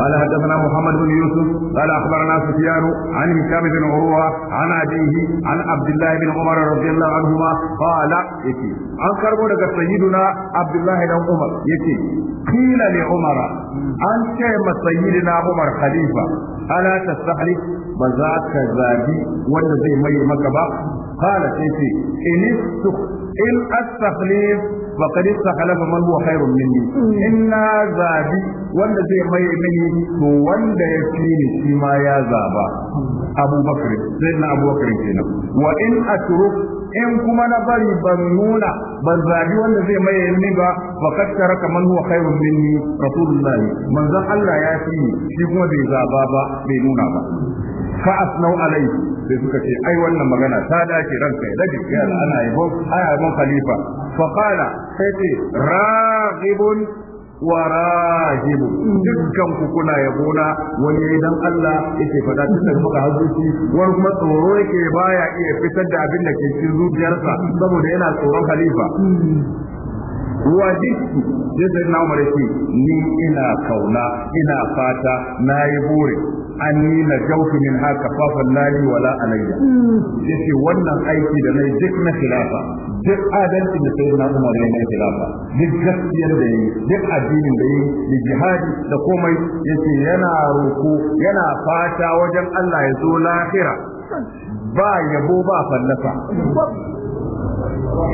قال حدثنا محمد بن يوسف قال اخبرنا سفيان عن هشام بن عروه عن ابيه عن عبد الله بن عمر رضي الله عنهما قال يتي عن كربو daga سيدنا عبد الله بن عمر يتي قيل لعمر عن كما سيدنا عمر خليفه الا تستحلف بذاك زادي ولا زي ما يمك قال سيتي ان استخلف faqad istakhlafa man huwa khairun minni inna zabi wanda zai mai mini to wanda ya fi ni shi ma ya zaba Abu sai na Abu kenan wa in atruk in kuma na bari ban nuna ban zabi wanda zai maye ni ba faqad taraka man huwa khairun minni rasulullah manzon Allah ya fi ni shi kuma bai zaba ba bai nuna ba fa asnau alai sai suka ce ai wannan magana ta dace ranka ya dade ya ana yabo ana yabon khalifa fa qala sai ce raghibun wa rahibu dukkan ku kuna yabona wani dan Allah yake fada da daga maka hazuci wani kuma tsoro yake baya iya fitar da abin da ke cikin zuciyarsa saboda yana tsoron khalifa dikki sai sai na umar ni ina kauna ina fata na yi bore anni na jautu min haka fafan lahi wala alayya yace wannan aiki da nayi duk na khilafa duk adalci da sai na Umar ne na khilafa duk gaskiyar da yi duk addinin da yi da jihadi da komai yace yana roko yana fata wajen Allah ya zo lahira ba yabo ba fallafa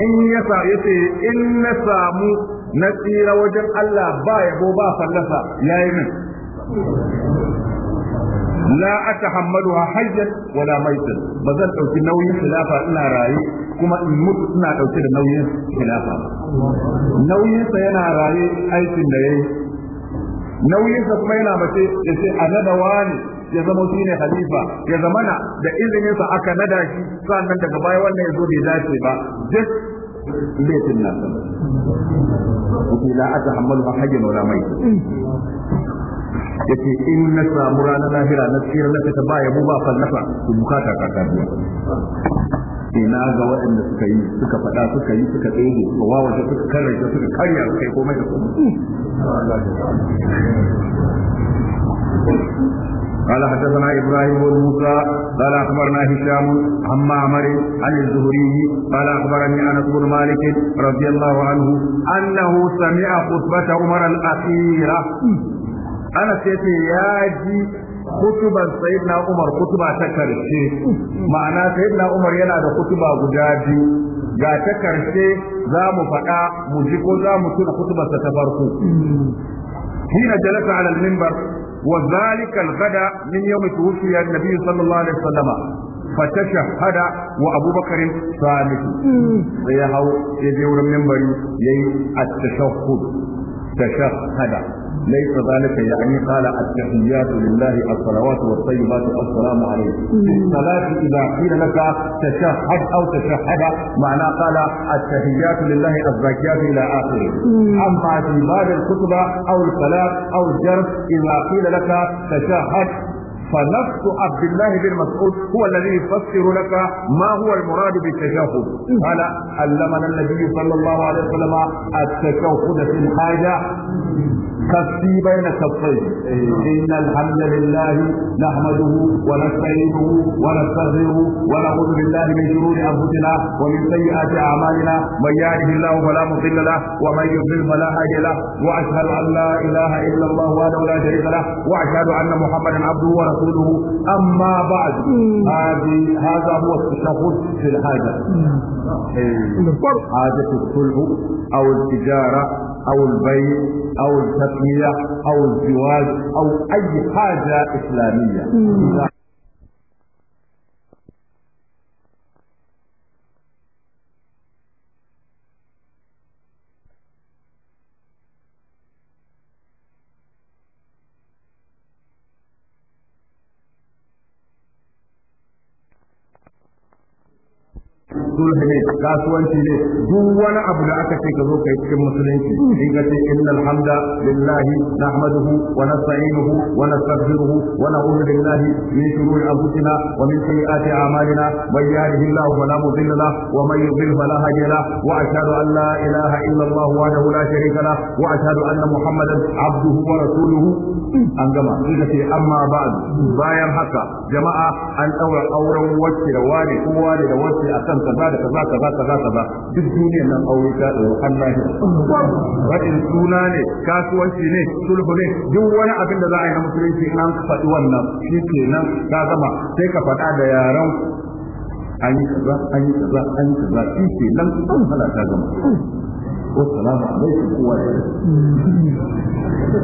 in ya sa yace in na samu na tsira wajen Allah ba yabo ba fallafa yayi min la atahammaluha hayyan wala maitan ba zan dauki nauyin khilafa ina raye kuma in mutu ina ɗauke da nauyin khilafa nauyin sa yana raye aikin da yayi nauyin sa kuma yana mace ya ce anada wani ya zama shi halifa ya zamana da izinin sa aka nada shi sannan daga baya wanda ya zo bai dace ba duk yace in na samu ranar lahira na tsira na fita ba yabo ba fallafa to bukata ka ta biya ina ga waɗanda suka yi suka faɗa suka yi suka ɗogo a wawace suka karanta suka karya suka yi komai da komai قال حدثنا ابراهيم بن موسى قال اخبرنا هشام عن معمر عن الزهري قال اخبرني انس بن مالك رضي الله عنه انه سمع خطبه عمر الاخيره ana sai ce ya ji kutuban sayyidina Umar kutuba ta karshe ma'ana sayyidina Umar yana da kutuba guda biyu da ta karshe za mu faɗa mu ji ko za mu tuna kutuban sa ta farko hina jalasa ala al-minbar wa zalika al-ghada min yawm tuwfi an-nabi sallallahu alaihi wasallam fa tashahada wa Abu Bakr sai ya hau sai dai wurin minbari yayi a tashahhud tashahhada ليس ذلك يعني قال التحيات لله الصلوات والطيبات السلام عليكم الصلاة إذا قيل لك تشهد أو تشهد معنى قال التحيات لله الزكيات إلى آخره أما في باب الخطبة أو الصلاة أو الجرس إذا قيل لك تشهد فنفس عبد الله بن مسعود هو الذي يفسر لك ما هو المراد بالتشهد قال علمنا النبي صلى الله عليه وسلم التشهد في الحاجة كفي بين كفيه إن الحمد لله نحمده ونستعينه ونستغفره ونعوذ بالله من شرور أنفسنا ومن سيئات أعمالنا من يهده الله فلا مضل له ومن يضلل فلا هادي له وأشهد أن لا إله إلا الله وحده لا شريك له وأشهد أن محمدا عبده ورسوله أما بعد هذه هذا هو التشهد في الحاجة نعم. إيه، حاجة الصلح أو التجارة او البيع او التسمية او الزواج او اي حاجة اسلامية kasuwanci ne duk wani abu da aka ce ka zo kai cikin musulunci in ka ce innal hamda lillahi nahmaduhu wa nasta'inuhu wa nastaghfiruhu wa na'udhu billahi min shururi anfusina wa min sayyiati a'malina man yahdihillahu fala mudilla lahu wa man yudlil fala hadiya lahu wa ashhadu an la ilaha illa allah wahdahu la sharika lahu wa ashhadu anna muhammadan abduhu wa rasuluhu an gama in ka ce amma ba'd bayan haka jama'a an daura auren wacce da wani kowa da wacce akan kaza da kaza kaza kaza kaza duk duniyar nan aure ta da Allah wadin suna ne kasuwanci ne sulhu ne duk wani abin da za a yi na musulunci an faɗi wannan shi nan ka zama sai ka faɗa da yaran an yi kaza an yi kaza an yi kaza shi an gama والسلام عليكم وعليكم da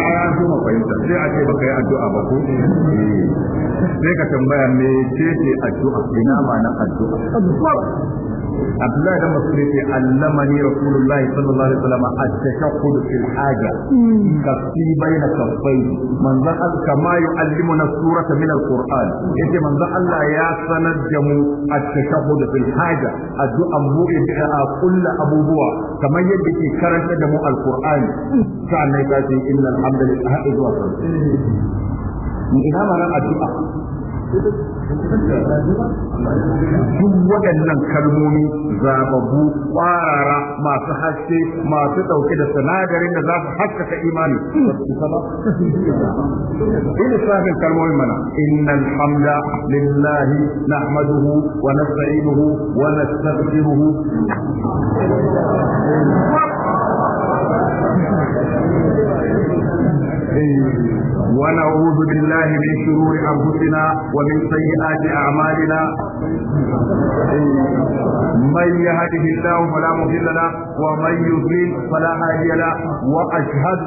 a ya so eh? eh? eh, mafahimta sai a ce ba ka yi addu'a ba ko sai ka tambaya me ce ce addu'a ina ma na addu'a Abdullahi dan Mas'ud yace allamani Rasulullahi sallallahu alaihi wasallam at-tashahhud fil haja hmm. kafi baina kaffai manzon Allah kama yu'allimuna surata min al-Qur'an yace manzon Allah ya sanar da mu at-tashahhud fil haja addu'a mu'in da eh, kullu abubuwa kamar yadda ke karanta da mu al-Qur'ani sa'an nan ka ce innal hamdalillah zuwa hmm. addu'a duk waɗannan kalmomi zababu ƙwarara masu haske masu ɗauke da sinadarin da za su haskaka imani lissafin kalmomi mana innal hamda lillahi nahmaduhu wa nasta'inuhu wa nastaghfiruhu Thank eh. you. ونعوذ بالله من شرور أنفسنا ومن سيئات أعمالنا من يهده الله فلا مضل له ومن يضلل فلا هادي له وأشهد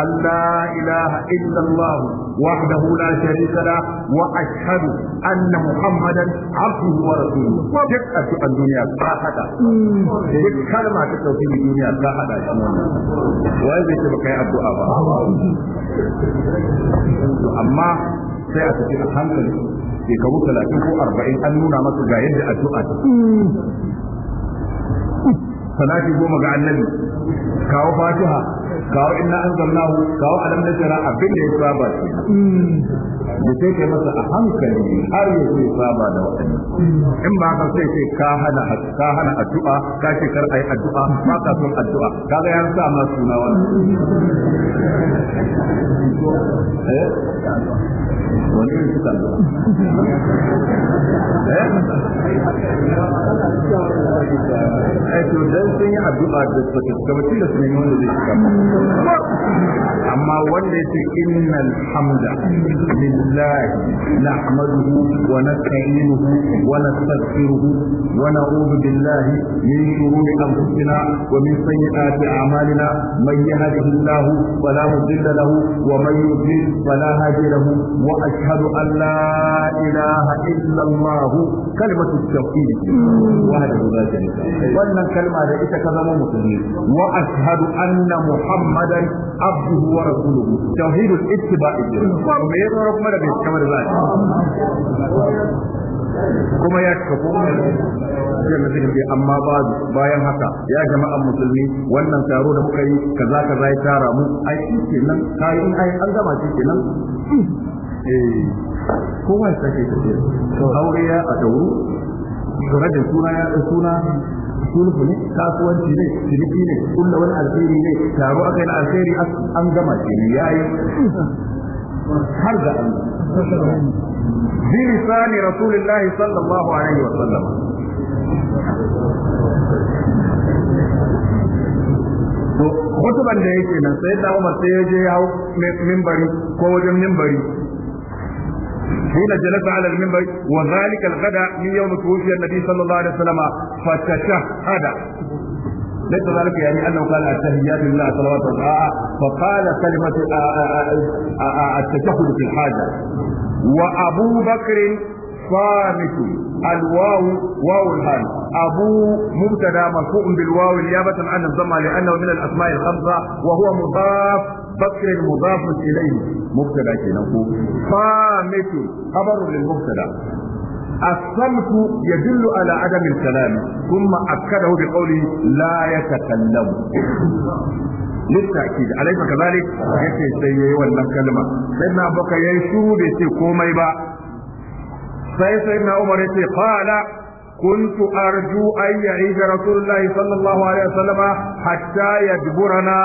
أن لا إله إلا الله وحده لا شريك له واشهد ان محمدا عبده ورسوله duk addu'an duniya ta hada duk kalma ta tauhidi duniya ta hada shi wai zai ce addu'a ba amma sai a tafi hankali shekaru talatin ko arba'in an nuna masa ga yadda addu'a salati goma ga annabi kawo fatiha kawo inna anzalnahu kawo alam nasara abin da ya saba shi da sai kai masa a hankali har ya ce saba da waɗannan in ba ka sai sai ka hana ka hana addu'a ka ce kar ai addu'a ba ka son addu'a kaga yan sa ma suna wannan eh? wani irin suka addu'a da su ta gaba tilla su nemi wanda zai shiga amma wanda yake innal hamda lillahi nahmaduhu wa nasta'inuhu wa nastaghfiruhu wa na'udhu billahi min shururi anfusina wa min sayyiati a'malina man yahdihillahu fala mudilla lahu wa man yudlil fala hadiya lahu wa ashhadu an la ilaha illa allah kalimatu tawhid wahdahu la sharika wannan kalma da ita kaza zama musulmi wa ashhadu anna muhammadan abduhu wa rasuluhu tauhidul ittiba'i me ya kuma da bai kamar ba kuma ya amma babu bayan haka ya jama'an musulmi wannan taro da kuka yi kaza kaza ya tara mu ai shi kenan kai ai an gama shi kenan eh. kowa ya sake tafiya aure ya a suna ya suna sulhu ne kasuwanci ne ciniki ne kulla wani alheri ne taro aka yi na alheri an gama shi ne yayi har da Allah bi lisani rasulullahi sallallahu alaihi wa sallam to hutuban yake nan sai da Umar sai ya je ya yawo mimbari ko wajen mimbari حين جلس على المنبر وذلك الغداء من يوم توفي النبي صلى الله عليه وسلم فتشهد ليس ذلك يعني انه قال التحيات لله صلوات الله فقال كلمه آه، آه، آه، التشهد في الحاجه وابو بكر صامت الواو واو الحال ابو مبتدا مرفوع بالواو نيابه عن الضمه لانه من الاسماء الخمسه وهو مضاف بكر مضاف إليه مبتدا كنكو قامت خبر للمبتدا الصمت يدل على عدم الكلام ثم أكده بقوله لا يتكلم للتأكيد أليس كذلك؟ يتي سيئي والمكلمة سيدنا بكر يشوب يتي با sai sai na umar yace qala kuntu arju an ya'ida rasulullahi sallallahu alaihi wasallama hatta yadburana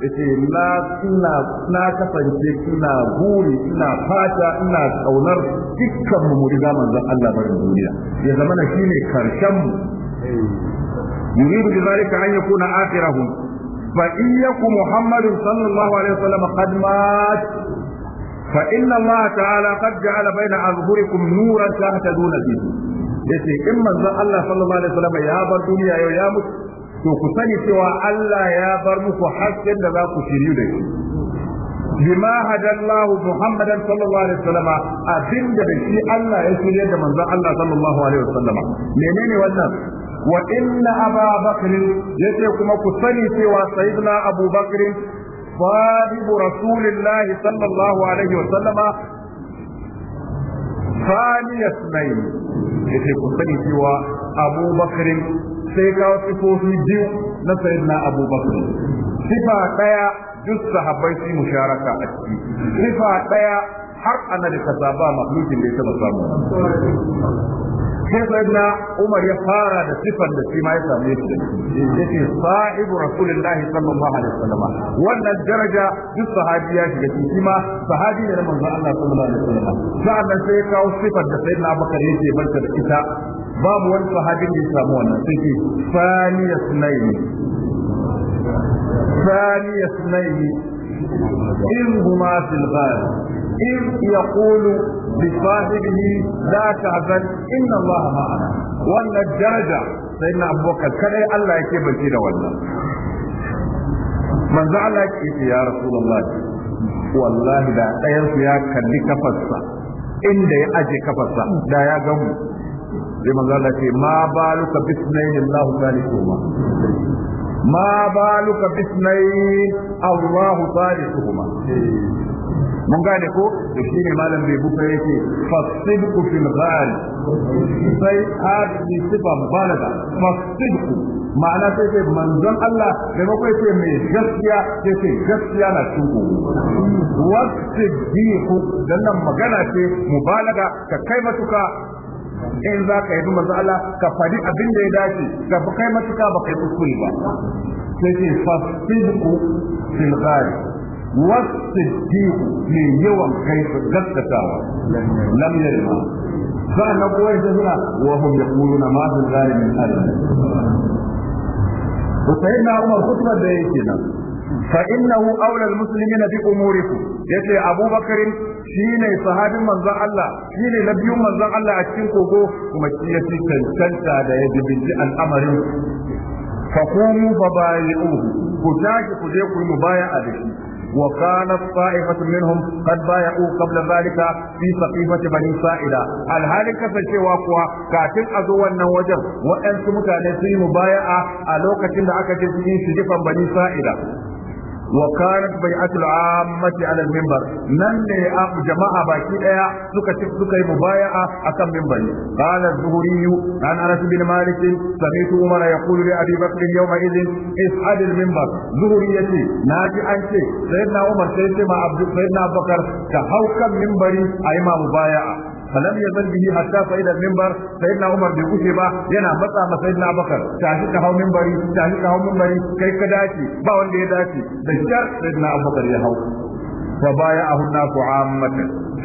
yace na ina na kasance suna buri suna fata ina kaunar dukkan mu riga manzon Allah barin duniya ya zamana shine karshen mu yuridu bi zalika an yakuna akhirahum fa iyyaku muhammadun sallallahu alaihi wasallam qad mat فإن الله تعالى قد جعل بين أظهركم نورا تهتدون به yace in manzon Allah sallallahu alaihi wasallam ya bar duniya yau ya mutu to ku sani cewa Allah ya bar muku hasken da za ku shiryu da shi bima hadallahu muhammadan sallallahu alaihi wasallama abinda da shi Allah ya shirya da manzon Allah sallallahu alaihi wasallama menene wannan wa inna aba bakr yace kuma ku sani cewa sayyidina abu bakr صاحب رسول الله صلى الله عليه وسلم ثاني ku sani cewa سوى أبو بكر sai kawo sifofi biyu na sayyidina abubakar sifa daya duk sahabbai su musharaka a ciki sifa daya har ana da kasaba makhlukin da ya taba samu sai sayyidina Umar ya fara da sifan da shi ma ya same shi yace sahibu rasulullahi sallallahu alaihi wasallam wannan daraja duk sahabi ya shiga shi ma sahabi ne na manzon Allah sallallahu alaihi wasallam sa'an sai ya kawo sifan da sayyidina Abubakar yake barka da ita babu wani sahabin da ya samu wannan sai ce faniya sunaini faniya sunaini in huma fil ghar إذ يقول لصاحبه لا تحزن إن الله معنا وأن الدرجة سيدنا أبو بكر كان الله يكيب الجيد والله من زعلك يا رسول الله والله لا تيرس يا كلي كفصة إن دي أجي كفصة لا يا قوم لمن زعلك ما بالك باسمين الله ثالثهما ما بالك باسمين الله ثالثهما mun gane ko da shi ne malam bai buka yake fasidku fil ghali sai hadi sifa mubalaga fasidku ma'ana sai ce manzon Allah da kai ce mai gaskiya sai ce gaskiya na cikin kogo wasiddiqu dan nan magana ce mubalaga ka kai matuka in za ka yabi manzo Allah ka fadi abin da ya dace ka kai matuka ba kai kuskure ba sai ce fasidku fil ghali والصديق من يوم كيف قد لم يلمع فأنا قويت هنا وهم يقولون ما في الغالب من ألم وسيدنا عمر خطبة بيتنا فإنه أولى المسلمين بأموركم yace Abu Bakar shine sahabin manzon Allah shine na biyun manzon Allah a cikin kogo kuma shi ya fi cancanta da ya bibinci al'amarin fa kumu fa bayi'uhu ku ku je ku yi baya a shi وكانت طائفة منهم قد بايعوا قبل ذلك في سقيفة بني سائدة الهالك kasancewa kuwa kafin a zo wannan wajen waɗansu mutane sun yi mubaya'a a lokacin da aka ce cikin shigifan bani sa'ida وكانت بيعة العامة على المنبر نن جماعة باكية سكة سكة مبايعة أكم منبر قال الزهري عن أنس بن مالك سمعت عمر يقول لأبي بكر يومئذ اصعد المنبر زهريتي ناجي أنت سيدنا عمر سيدنا عبد سيدنا أبو بكر كهوكا منبري أيما مبايعة فلم يزل به hatta fa'ida المنبر سيدنا umar bai wuce ba yana matsa ma sayyidina bakar tashi ka hau منبري tashi ka hau minbari kai ka dace ba wanda ya dace da shar ya hau fa baya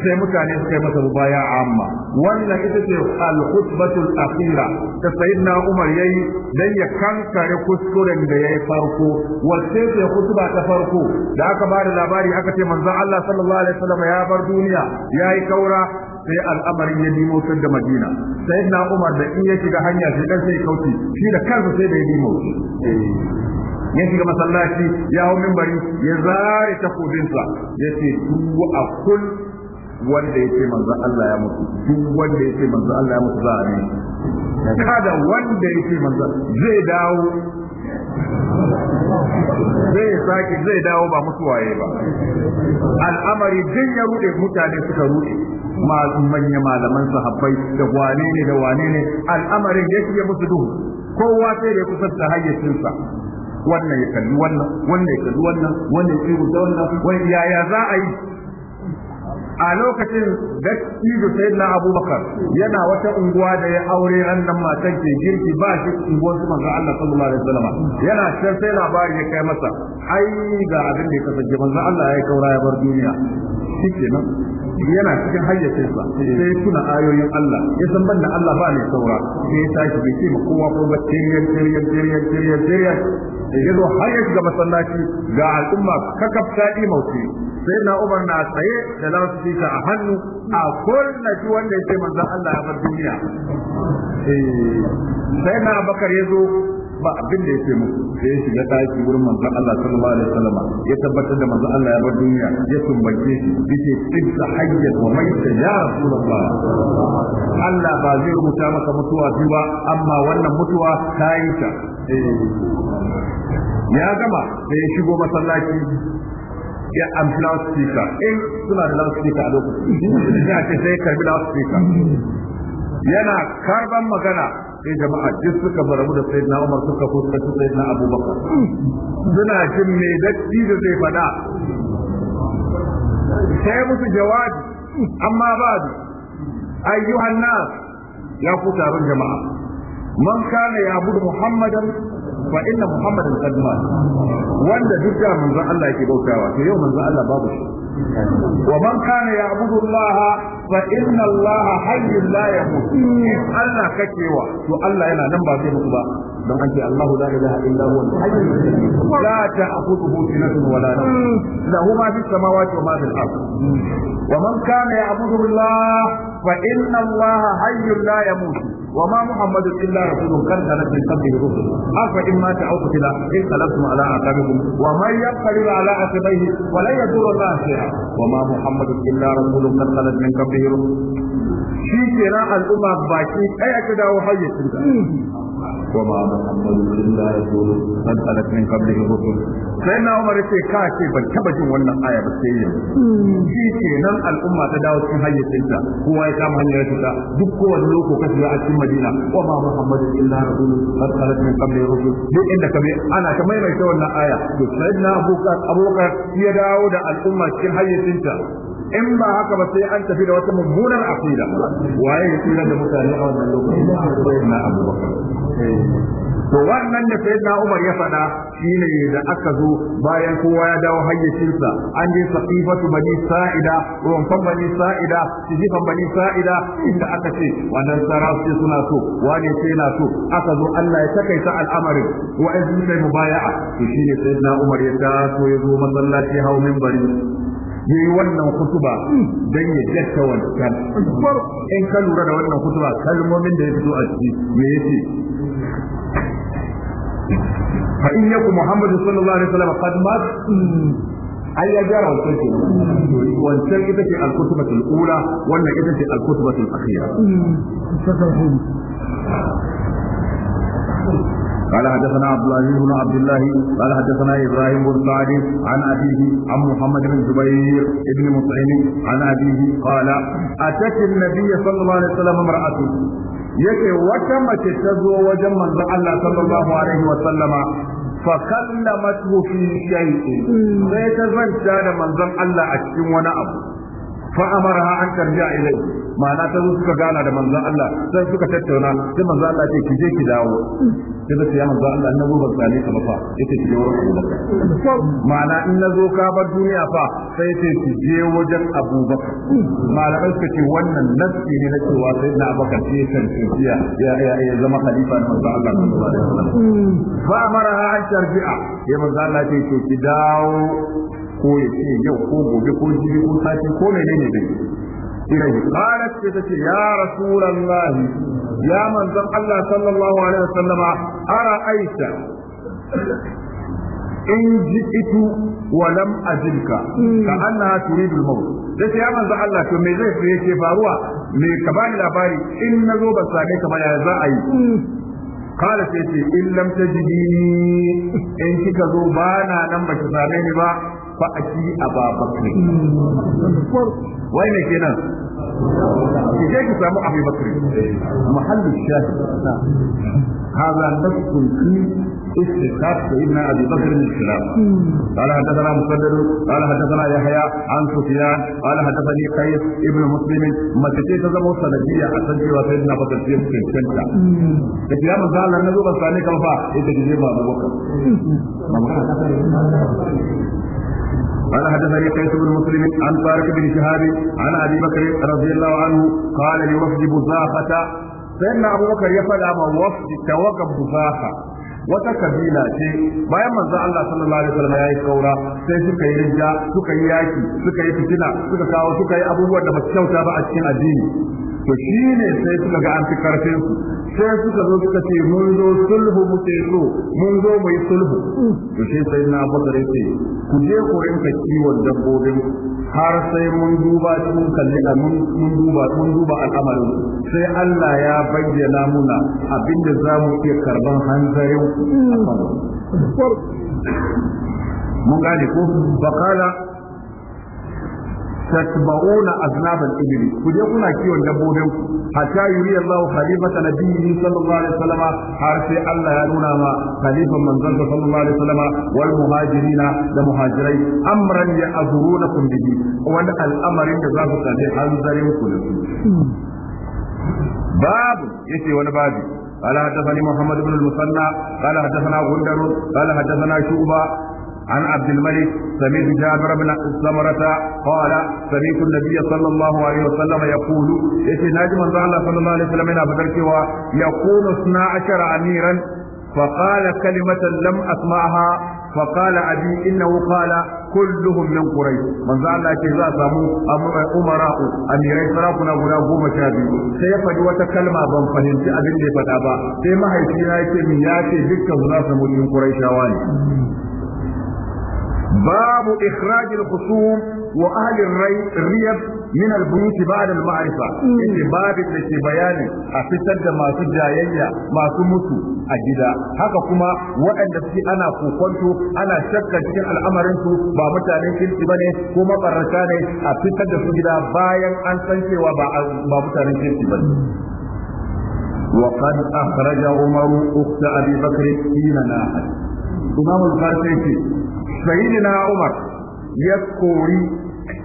sai mutane suka yi masa rubaya amma wannan ita ce al-khutbatul akhira ta sayyidina Umar yayi dan ya kankare kuskuren da yayi farko wace ce khutba ta farko da aka bada labari aka ce manzon Allah sallallahu alaihi wasallam ya bar duniya yayi kaura sai al'amarin ya nemo sun da madina sai na umar da in ya shiga hanya sai dan sai kauce shi da kansa sai da ya nemo eh. ya shiga masallaci ya hau mimbari ya zare takobinsa ya ce duk a kun wanda ya ce manzon Allah ya mutu duk wanda ya ce manzon Allah ya mutu za a ne kada wanda ya ce manzon zai dawo zai sake zai dawo ba waye ba al'amari jin ya rude mutane suka rude manya malaman sahabbai da wane ne da wane ne al'amarin ya shige musu duhu kowa sai da ya kusanta hayyacinsa wannan ya kalli wannan wannan ya kalli wannan wannan ya kalli wannan wani ya za a yi a lokacin dattijo sai na abubakar yana wata unguwa da ya aure ran nan matan ke girki ba shi unguwar su manzo Allah sallallahu alaihi wasallam yana shar sai labari ya kai masa ai ga abin da ya kasance manzo Allah ya kaura ya bar duniya shikenan yana cikin hayyacinsa sai tuna ayoyin Allah ya san banda Allah ba ne saura sai ya tashi bai ce ma kowa ko ba tiryan tiryan tiryan tiryan tiryan ya zo har ya shiga masallaci ga al'umma kakaf ta imauci sai na Umar na tsaye da lafi wasiƙa a hannu a shi wanda ce manzo Allah ya bar duniya eh, sai na bakar ya zo ba abin da yake mu da ya shiga daki wurin manzo Allah sallallahu alaihi wasallam ya tabbatar da manzo Allah ya bar duniya ya tumbace shi yace tibta hayyat wa maita ya rasulullah Allah ba zai rubuta maka mutuwa biyu ba amma wannan mutuwa ta yi ta eh, ya gama sai ya shigo masallaci ya amfi loudspeaker in eh, suna da loudspeaker a lokacin ya ce sai karbi loudspeaker yana karban magana sai jama'a duk suka barabu da sai na umar suka fuskanci sai na abubakar suna jin me datti da zai faɗa sai musu jawabi amma ba ayyuhan nas ya ku taron jama'a man kana ya budu muhammadan fa inna muhammadan qad mat wanda duk da manzon Allah yake bautawa to yau manzon Allah babu shi wa man kana ya'budu Allah fa inna Allah hayyun la yamut Allah kakewa to Allah yana nan ba zai mutu ba don an ce Allah la ilaha illa huwa al-hayy la ta'khudhuhu sinatun wa la nawm lahu ma fi samawati wa ma fi al wa man kana ya'budu Allah fa inna Allah hayyun la yamut وما محمد الا رسول قد خلت من قبله الرسل افان مات او قتل انقلبتم على اعقابكم ومن يقتل على عقبيه ولن يدور الله شيئا وما محمد الا رسول قد خلت من قبله الرسل في شراء الامم baki اي ta dawo وما محمد إلا رسول قد خلت من قبله الرسل سيدنا عمر يقول كاشي بل كبج ولا آية بسيئة شيء كينان الأمة تداوت في هاي السلسة هو يتام هاي السلسة دكو اللوك كشي في المدينة وما محمد إلا رسول قد خلت من قبله الرسل دي إنك بي أنا كما يمشي ولا آية سيدنا أبو بكر أبو بكر يداود الأمة في هاي السلسة in ba haka ba sai an tafi da wata mummunar aqida waye ya tsira da mutane a wannan lokacin na abubakar to wannan da sayyidina Umar ya faɗa shine da aka zo bayan kowa ya dawo hayyacinsa an je saqifatu bani sa'ida rumfan bani sa'ida sijifan bani sa'ida inda aka ce wannan sarasu suna so wane ce na so aka zo Allah ya takaita al'amarin wa izmi mubaya'a to shine sayyidina Umar ya taso ya zo masallaci hawo minbari ya yi wannan kutuba don ya jatta wancan in ka lura da wannan kutuba kalmomin da ya fito a ciki me yake fa in yaku muhammadu sallallahu alaihi wasallam qad mat ai ya gyara wancan ke wancan ita ce al-kutubatul ula wannan ita ce al-kutubatul akhira mm. قال حدثنا عبد العزيز بن عبد الله قال حدثنا ابراهيم بن سعد عن ابيه عن محمد بن جبير بن مطعم عن ابيه قال اتت النبي صلى الله عليه وسلم امراته yake wata mace ta zo wajen manzon Allah sallallahu alaihi wa sallama fa kallamatu fi shay'in sai ta zanta da manzon Allah a cikin wani abu fa amaraha an tarji'a ilai ma'ana ta zo suka gana da manzon Allah sai suka tattauna sai manzon Allah ce ki je ki dawo sai ta ya manzon Allah na zo ban sane ka ba fa yace ki je wurin Abu Bakar ma'ana in na zo ka bar duniya fa sai ce ki je wajen Abu Bakar malamai suka ce wannan nasi ne na cewa sai na Abu Bakar ce kan tsiya ya ya zama khalifa na manzon Allah sallallahu alaihi an tarji'a ya manzon Allah ce ki dawo ko ya ce yau ko gobe ko jibi ko sati ko menene dai إليه Ya تتشي يا رسول الله يا من ذن الله صلى الله عليه وسلم أرأيت إن جئت ولم أجدك كأنها تريد الموت dace ya manzo Allah to me zai fiye ke faruwa me ka bani labari in na zo ba same ka ba ya za a yi kala sai ce in lam tajidi in kika zo ba na nan ba ki same ni ba fa a shi a babakari wai ne ke ki je ki samu abu bakari mahallu shafi hada nasun ki istikhaf ko inna abi bakr min salam qala hadathana musaddad qala hadathana yahya an sufyan qala hadathani qais ibn muslim mace ce ta zama sanadiyya a san cewa sai ina bakar sai mutum kanta da kiyam zalalla na zo ba sai kan fa ita ji ba bakar قال حدثني قيس بن مسلم عن طارق بن شهاب عن ابي بكر رضي الله عنه قال لوفد بزاخة فان ابو بكر يفعل اما وفد توقف بزاخة wata kabila ce bayan manzon Allah sallallahu alaihi wasallam yi kaura sai suka yi rinja suka yi yaki suka yi fitina suka kawo suka yi abubuwan da ba su kyauta ba a cikin addini to shine sai suka ga an fi su sai suka zo suka ce mun zo sulhu muke so mun zo mu yi sulhu to sai sai na bakare ce ku je ku rinka kiwon dabbobin har sai mun duba cikin kalli mun duba mun duba al'amarin sai Allah ya bayyana muna abinda za mu iya karban hanzarin hmm. mun gane ko bakala tatba'una aznabal ibli ku je kuna kiwon dabbobin ku hatta yuri Allah khalifata nabiyyi sallallahu alaihi wasallam har sai Allah ya nuna ma khalifan manzon sallallahu alaihi wasallam wal muhajirina da muhajirai amran ya azurunakum bihi wani al'amarin da za ku sade hanzarin ku da su babu yace wani babu قال حدثني محمد بن المثنى قال حدثنا غندر قال حدثنا شعبة عن عبد الملك سمعت جابر بن سمرة قال سمعت النبي صلى الله عليه وسلم يقول يتناجم الله صلى الله عليه وسلم يقول اثنا عشر أميرا فقال كلمة لم أسمعها فقال أبي إنه قال كلهم من قريش من ذا الله كي ذا سامو أمراء أميري سراكنا غنا غوما شابي سيفد وتكلم بان فهمت أبن لي فتابا سيما هيتينا يتمي ياتي ذكا غنا سامو من قريش واني باب إخراج الخصوم وأهل الريب من البيوت بعد المعرفة إن باب التي da أفتد ما سجايا ما a أجدا haka kuma waɗanda suke ana kokonto ana shakka cikin al'amarinsu ba mutanen kirki bane ko mabarrata ne a fitar da su gida bayan an san cewa ba mutanen kirki bane وقد أخرج عمر أخت أبي بكر حين ناحت imam al-bukhari sai ce sayyidina umar ya kori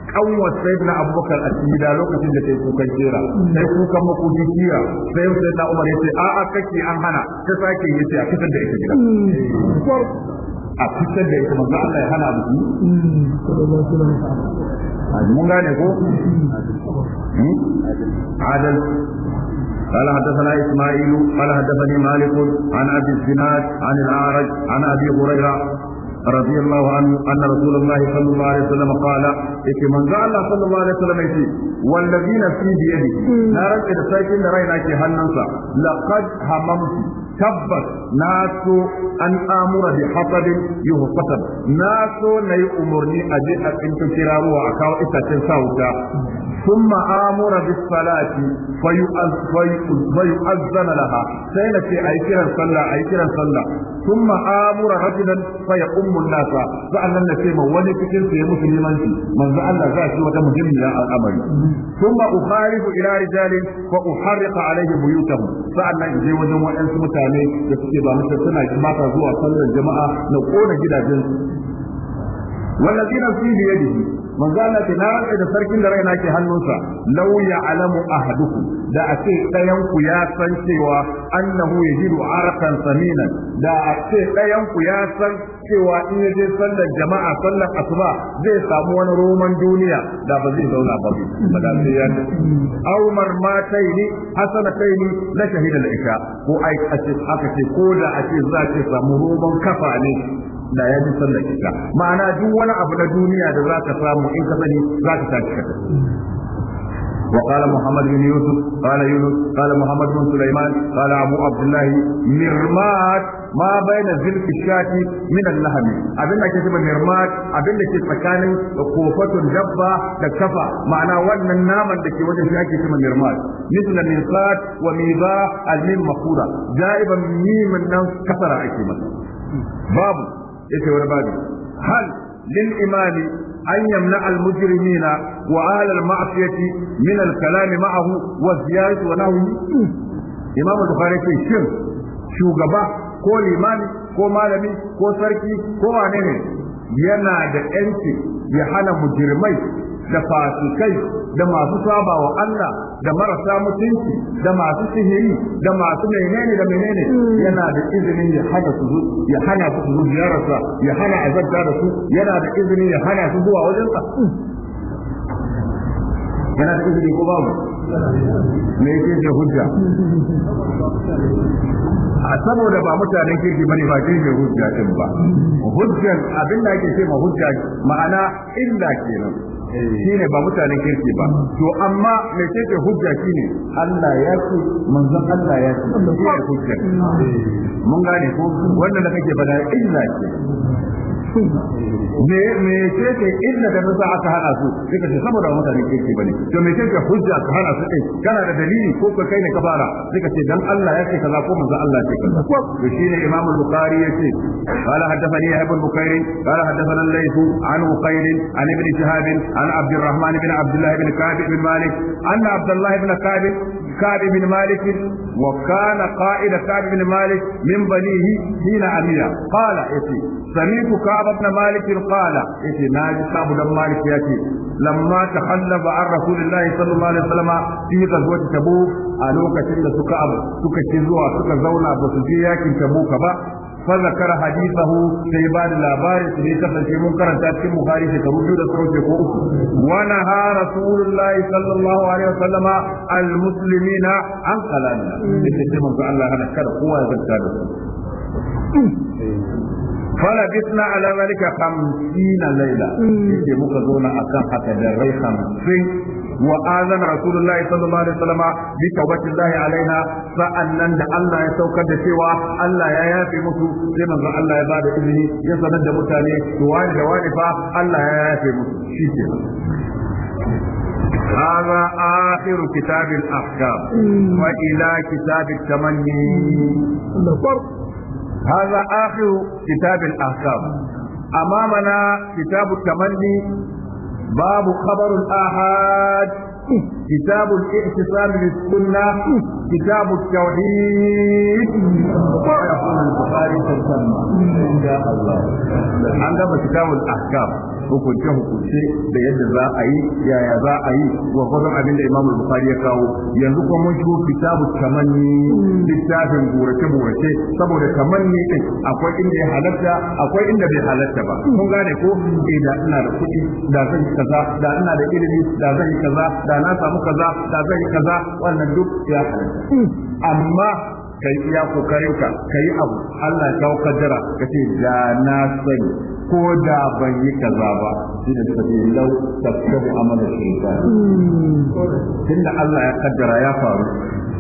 kanwar sayyidina abubakar a cikin da lokacin da ta yi kukan jera. sai kukan makoki jira sai sayyidina umar ya ce a'a kake an hana ta sake yi ce a fitar da ita gida a fitar da ita manzo Allah ya hana mu mun gane ko hmm? adal قال حدثنا إسماعيل قال حدثني مالك عن أبي الزناد عن الأعرج عن أبي هريرة رضي الله عنه أن رسول الله صلى الله عليه وسلم قال إيش من زعل صلى الله عليه وسلم يتي والذي نفسي بيده نارك إرساكين رأيناك هننسى لقد هممت tabbas na so an amura bi hasadin yuhu fasad na so na yi umarni a je a tsinto kiraruwa a kawo itacen sa wuta ثم آمر بالصلاة فيؤذن لها سينا في أي كرا صلى أي صلى ثم آمر رجلا فيقوم الناس فعلا نسيما ولي فكر في مسلما من زعل ذات وتمهم إلى الأمر ثم أخالف إلى رجال فأحرق عليه بيوتهم فعلا إذا وجم وأنس متاني يسكبا مثل سنة جماعة زوا صلى الجماعة نقول جدا جنس والذين في بيده manzo Allah ce na rantsa da sarkin da raina ke hannunsa law ya'lamu ahadukum da ake dayan ku ya san cewa annahu yajidu arqan samina da ake dayan ku ya san cewa in ya je sallar jama'a sallar asuba zai samu wani roman duniya da ba zai zauna ba ba da sai ya ta aw marmataini hasanataini la shahida al-isha ko ai haka ce ko da ake za ce samu roman kafa ne da ya sallar isha ma'ana duk wani abu na duniya da za ka samu in ka sani za ka tashi ka وقال محمد بن يوسف قال يونس قال محمد بن سليمان قال ابو عبد الله مرمات ما بين زلف الشاة من اللحم abin da ke cewa mirmat abin da ke tsakanin kofatun dabba da kafa ma'ana wannan naman da ke wajen shi ake cewa mirmat مثل المنقات وميضاء الميم مقوله جائبا ميم nan kasara ake masa babu yace wani babu hal lil imami an yamna al mujrimina wa ahli al ma'siyati min al kalam ma'ahu wa ziyarati wa nahwi imam bukhari ce shin shugaba ko limami ko malami ko sarki ko wane ne yana da yanci ya hana mujrimai da fasikai da masu saba wa Allah da marasa mutunci da masu sihiri da masu menene da menene yana da izinin ya hana su ya hana su su ziyararsa ya hana azabta da su yana da izinin ya hana su zuwa sa yana da izini ko babu me yake da hujja a saboda ba mutanen kirki bane ba ke hujja din ba hujjar abin da ake ce ma hujja ma'ana illa kenan Eh. shine ba mutanen kirki ba to amma me ce hujja shine Allah ya ce manzon Allah ya ce shine hujja eh. mun gane ko wannan da kake faɗa illa ce me me ce inda ka sa aka hana su kika ce saboda mutane ke ce bane to me ce hujja ka hana su kai kana da dalili ko ka kai ne ka fara kika ce dan Allah ya ce kaza ko manzo Allah ce kaza to shine Imam al-Bukhari yace qala haddathani Ibn Bukhari qala haddathana al-Layth an Uqayl an Ibn Shihab an Abd الرحمن بن عبد الله بن كعب بن مالك أن عبد الله ibn كعب كعب بن مالك وكان قائد كعب بن مالك من بنيه حين أمير قال إتي سمعت كعب بن مالك قال إتي ناجي كعب بن مالك يأتي لما تخلف عن رسول الله صلى الله عليه وسلم في غزوة تبوك a lokacin da suka abu suka ci zuwa suka zauna ba su je yakin tabuka ba fa zakara hadithahu sai ba da labari su ne kasance mun karanta cikin bukhari shekaru biyu da suka wuce ko uku wa naha rasulullah sallallahu alaihi wasallam al muslimina an qalana Allah hana kada kowa ya zanta da fala bisna ala zalika 50 laila yake muka zauna akan haka da rai 50 wa azan rasulullahi sallallahu alaihi wasallam bi tawbatillahi alaina sa'annan da Allah ya saukar da cewa Allah ya yafe musu sai manzo Allah ya bada izini ya sanar da mutane to wani da wani fa Allah ya yafe musu shike هذا آخر كتاب الأحكام وإلى كتاب التمني هذا آخر كتاب الأحكام أمامنا كتاب التمني باب خبر الآحاد كتاب الاعتصام بالسنة كتاب التوحيد ويقول البخاري تسمى إن شاء الله عندما كتاب الأحكام hukunce hukunce da yadda za a yi yaya za a yi gwargwadon abin da imam bukhari ya kawo yanzu kuma mun shigo kitabu tamanni littafin burace burace saboda tamanni din akwai inda ya halatta akwai inda bai halatta ba kun gane ko eh da ina da kuɗi da zan yi kaza da ina da ilimi da zan yi kaza da na samu kaza da zan yi kaza wannan duk ya halatta amma kai iya kokarinka kai abu Allah ya kawo kaddara kace da na sani ko da ban yi kaza ba shi da suka ce lau tabtabu amala shaytan tunda Allah ya kaddara ya faru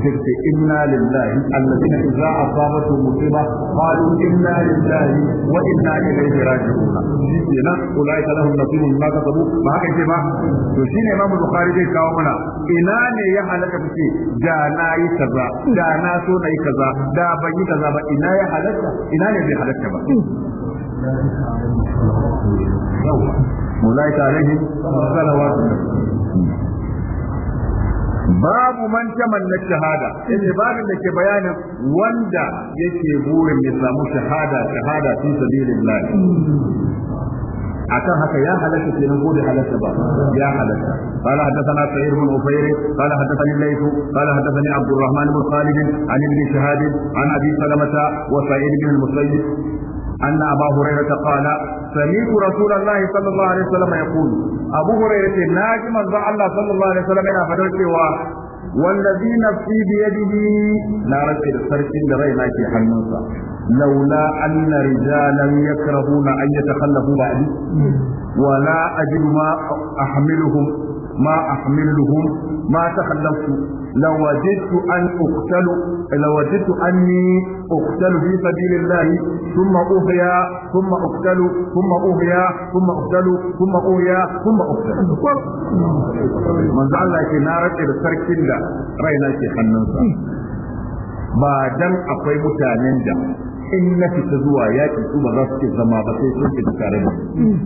sai inna lillahi Allah za a alladhina idza asabatu ba, qalu inna lillahi wa inna ilayhi raji'un shi kenan ulai ka lahum nasibun ma kasabu ba haka ce ba to shine Imam Bukhari zai kawo mana ina ne ya halaka fice da na yi kaza da na so na yi kaza da ban yi kaza ba ina ya halaka ina ne zai halaka ba أولئك عليهم babu man na shahada yace babin da ke bayanin wanda yake burin ya samu shahada shahada fi sabilillah akan haka ya halatta kenan ko da halatta ba ya halatta qala hadathana sa'id bin ufayr qala hadathani layth qala hadathani abdurrahman bin khalid an ibn shahab an abi salamata wa sa'id bin musayyib أن أبا هريرة قال سمعت رسول الله صلى الله عليه وسلم يقول أبو هريرة ناجم الله صلى الله عليه وسلم إلى فدرك wallazi nafsi biyadihi na rake da sarkin da raina ke hannunsa laula anna rijalan yakrahuna an yatakhallafu ba'di wa la ajidu ma ahmiluhum ما أحملهم ما تخلفت لوجدت أن أقتل لوجدت أني أقتل في سبيل الله ثم أهيا ثم أقتل ثم أهيا ثم أقتل ثم أهيا ثم أقتل من زعل لك نارك إلى سرك الله رأينا في خننسا ba dan akwai mutanen da in na fita zuwa yaƙi su ba za su ke zama ba sai sun fita tare da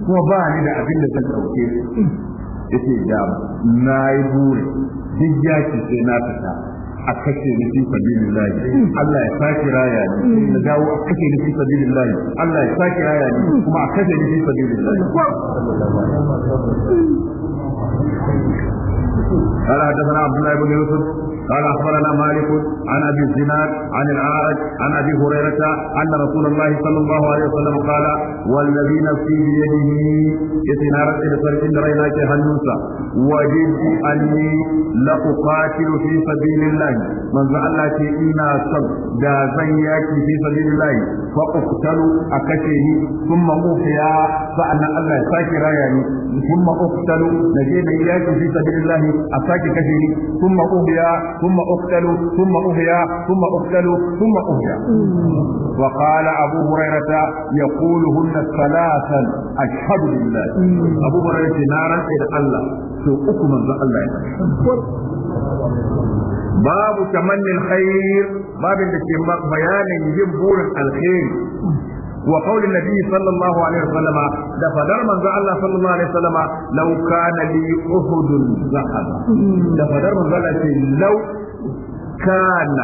kuma ba ni da abin da zan ɗauke yace da na yi buri duk sai na fita a kashe ni fi sabilillahi Allah ya saki raya ni na dawo a kashe ni fi sabilillahi Allah ya saki raya ni kuma a kashe ni fi sabilillahi قال اخبرنا مالك عن ابي الزناد عن العارج عن ابي هريره ان رسول الله صلى الله عليه وسلم قال والذي نفسي بيده يتنارى الى فرق رينا كهنوسا وجدت اني لاقاتل في سبيل الله من زعل في انا صد دا زياكي في سبيل الله فاقتل اكشني ثم موفيا فانا الله ساكي راياني ثم أقتل نجينا إياك في سبيل الله أساك كثيري ثم أهيا ثم أقتل ثم أهيا ثم أقتل ثم أهيا وقال أبو هريرة يقولهن ثلاثا أشهد بالله أبو هريرة نارا إلى الله سوء أكمل الله باب تمني الخير باب اللي bayanin yin burin alheri وقول النبي صلى الله عليه وسلم ده فدر من الله صلى الله عليه وسلم لو كان لي أحد ذهب ده فدر من الله لو كان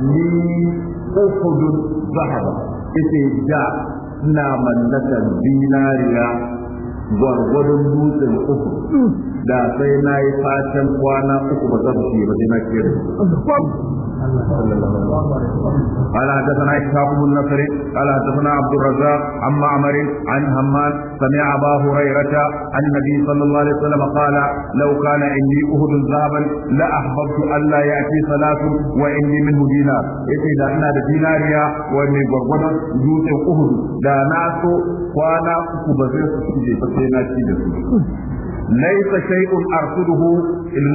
لي أحد ذهب إذا جاء na mallakar zinariya gwargwadon dutsen uku da sai na yi fatan kwana uku ba zan ci ba sai na kiyar قال حدثنا إسحاق بن نصر قال حدثنا عبد الرزاق عن معمر عن همام سمع أبا هريرة عن النبي صلى الله عليه وسلم قال لو كان عندي أهد ذهبا لأحببت ألا يأتي صلاة وإني منه دينار إذا أنا ديناريا وإني غرغنا يوسف أهد لا ناس وانا أكبر سيدي فسينا سيدي ليس شيء arsuduhu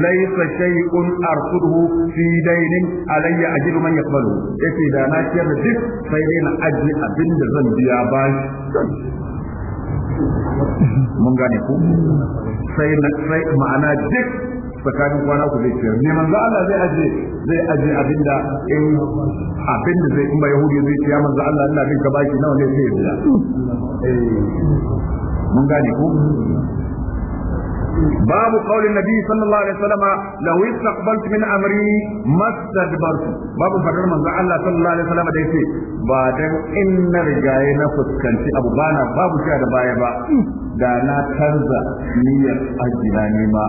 ليس شيء arsuduhu في دين علي أجل من يقبله إذا da na ciyar da duk sai na aji من قال zan biya ba mun gane ku sai na sai ma'ana tsakanin kwana ku zai ciyar Allah zai aje zai aje abinda in abinda zai kuma yahudi zai ciya za Allah Allah bin ka baki nawa ne sai ya biya mun gane ku babu qaulin nabi sallallahu alaihi wasallam law istaqbaltu min amri mastadbartu babu fadar manzo Allah sallallahu alaihi wasallam da yace ba dan inna rigaye na fuskanci abu bana babu shi da baya ba da na canza niyyar ajina ma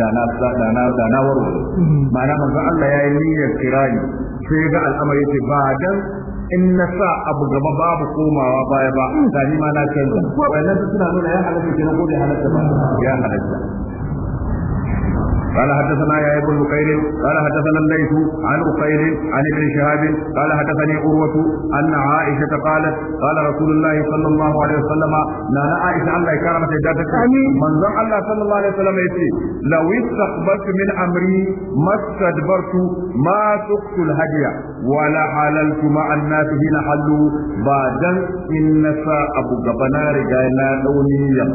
da na da na da na warware ma'ana yayi niyyar kirani sai ga al'amari ce ba dan in na sa abu gaba babu komawa baya ba ga ni ma na canza wannan suna nuna ya halatta kenan ko bai halatta ba ya halatta قال حدثنا يا بن بكير قال حدثنا الليث عن أقيل عن ابن شهاب قال حدثني عروة أن عائشة قالت قال رسول الله صلى الله عليه وسلم لا عائشة الله كرمت جاتك من زم الله صلى الله عليه وسلم يتي لو استقبلت من أمري ما استدبرت ما سقت الهدي ولا حللت مع الناس حين حلوا بعدا إن أبو غبنا رجعنا لوني يم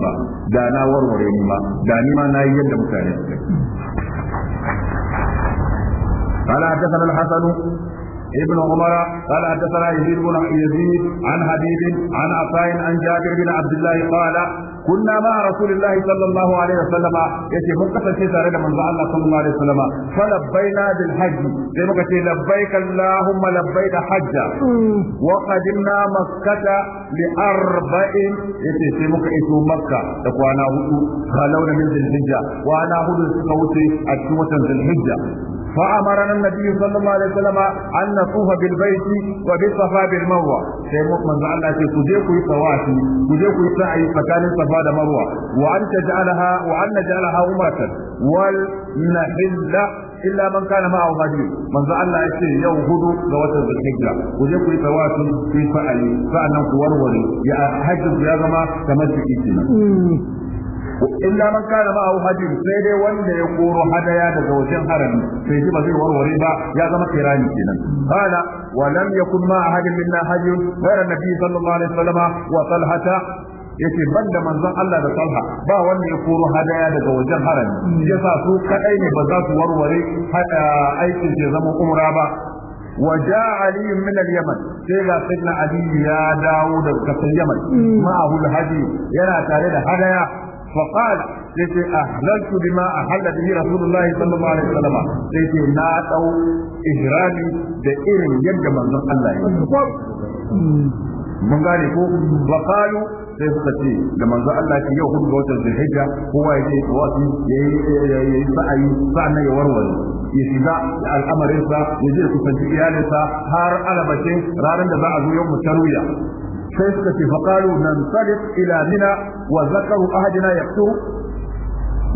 ba da na warware ni ba da ni ma na yi yadda mutane قال حدثنا الحسن ابن عمر قال حدثنا يزيد بن يزيد عن حبيب عن عطاء عن جابر بن عبد الله قال كنا مع رسول الله صلى الله عليه وسلم يتي مكتب في سارة من الله صلى الله عليه وسلم فلبينا بالحج زي ما لبيك اللهم لبيك حجا وقدمنا مكة لأربع يتي في مكة مكة وانا هدو خلونا من ذي الحجة وانا هدو سكوتي أتوة ذي الحجة فأمرنا النبي صلى الله عليه وسلم أن نطوف بالبيت وبالصفا بالمروة سيموت من زعل الله كجيك يطوافي كجيك يسعي مكان الصفا مروة وأن تجعلها وأن نجعلها أمة والنحل illa man kana ma au hadi manzo Allah yace yau hudu ga watan Zulhijja ku je ku yi tawafi ku yi fa'ali sa'annan ku warware ya hajji ya zama kamar ciki kenan illa man kana ma'ahu hadin sai dai wanda ya koro hadaya daga wajen harami sai ji ba zai warware ba ya zama kirani kenan qala wa lam yakun ma ahadin minna hadin ghayra nabi sallallahu alaihi wasallam wa talhata yace ban da manzon Allah da Talha ba wanda ya koro hadaya daga wajen harami yasa su kadai ne ba za su warware hada eh, aikin ke zama umra ba وجاء علي من اليمن سيلا سيدنا علي يا داود اليمن معه الهدي tare da هدايا فقال سيتي أهللت بما أهل به رسول الله صلى الله عليه وسلم سيتي لا أو إهرامي دائر يبقى من الله mun gane ko sai suka ce da manzo Allah ce yau hudu watan Zulhijja kowa ya ce wasu yayi sa'ayi sa'annan ya warware ya shiga da al'amarin sa ya je kusanci iyalinsa har alabace ranar da za a zo yau mutarwiya sai suka ce faƙalu nan sarif ila mina wa zakaru ahadina ya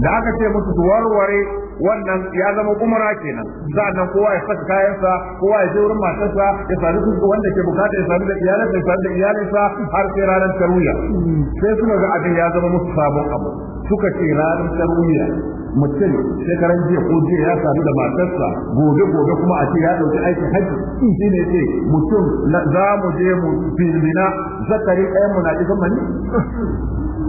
da aka ce musu su warware wannan ya zama umara kenan nan kowa ya saka kayansa kowa ya je wurin matarsa ya sami kuɗi wanda ke bukata ya sami da iyalinsa ya sami da iyalinsa har sai ranar tarwiya sai suka ga abin ya zama musu sabon abu suka ce ranar tarwiyya mutum shekaran jiya ko jiya ya sadu da matarsa gobe gobe kuma a ce ya dauki aikin haji in shi ne ce mutum za mu je mu filmina zakari ɗayan mu na isan mani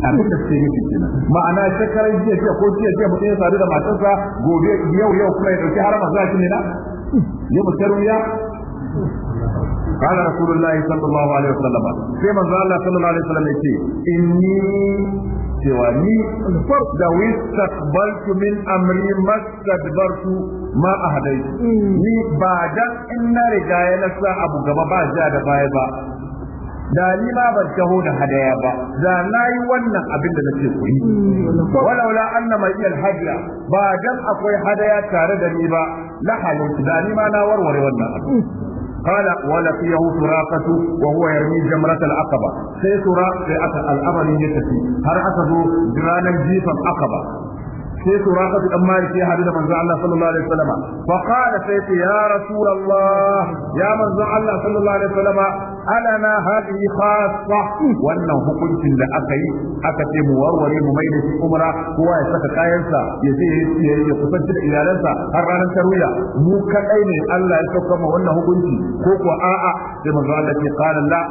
abin da suke nufi kenan ma'ana shekaran jiya jiya ko jiya jiya mutum ya sadu da matarsa gobe yau yau kuma ya dauki harama za shi ne na yi mu tarwiyya قال رسول الله صلى الله عليه وسلم كما قال صلى الله عليه وسلم إني سواني لو استقبلت من أمري ما استدبرت ما أهديت ني بعد إن رجاية نسا أبو جبابا جاد بايبا da ni ma ban taho da hadaya ba da na yi wannan abin da nake ku yi walaula anna mai iyal hajja ba dan akwai hadaya tare da ni ba la halu da ni ma na warware wannan قال ولقيه سراقة وهو يرمي جمرة العقبة سيسرى في الأمر يتفي هل أخذوا جرانا جيفا عقبة sai suraka dan malik ya hadu da manzon Allah sallallahu alaihi wasallam fa qala sai ya Allah ya manzon Allah sallallahu alaihi wasallam alana hadhihi khassa wannan hukuncin da aka yi aka ce mu warware mu mai da shi umra kowa ya saka kayansa ya je ya kusanci da iyalansa har ranar tarwiya mu kadai ne Allah ya sauka ma wannan hukunci ko ko a'a sai manzo Allah ke qala la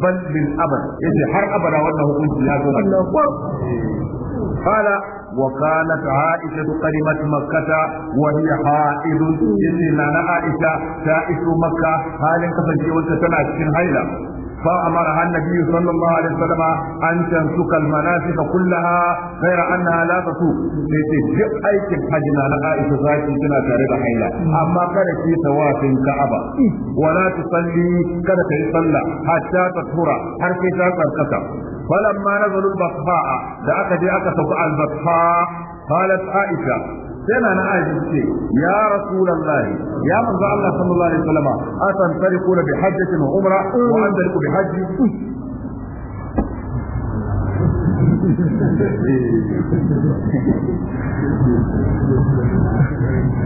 bal bil abad yace har abada wannan hukunci ya zo قال وكانت عائشة قدمت مكة وهي حائض إن أنا عائشة تائش مكة حالا كفن وتتنع الشن هيلا فأمرها النبي صلى الله عليه وسلم أن تمسك المناسك كلها غير أنها لا تسوق لتجب أيك حجنا لعائشة ذاتي كنا تارد حيلا أما كانت في سواف كعبة ولا تصلي كانت تصلى حتى تطهر حتى تطهر فلما نزلوا البطحاء دعك جاءك سوق البطحاء قالت عائشة سنة أنا عائشة يا رسول الله يا من الله صلى الله عليه وسلم أتنطلقون بحجة وعمرة وأنطلق بحج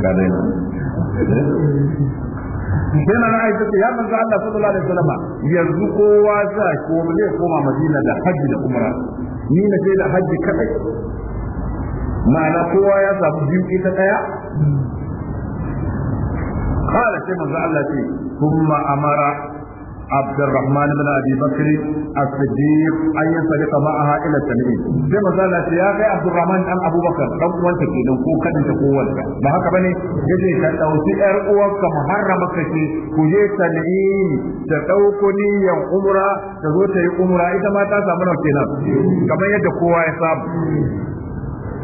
بعدين sai na aisha ta ya manzo Allah sallallahu alaihi wasallam yanzu kowa za ko ne koma Madina da haji da umra ni na je da haji kadai ma'ana kowa ya samu biyu ita daya kala sai manzo Allah ce kuma amara عبد الرحمن بن ابي بكر الصديق ان ينطلق معها الى التنعيم زي ما قال يا اخي عبد الرحمن ام ابو بكر لو كنت في نوكو كان تقول ولد ما هكا بني يجي تاوتي ار اوك محرم كشي كوجي تنعيم تتوكني يا عمره تزوت يا عمره اذا ما تاسع من وكينا كما يدقوا يصاب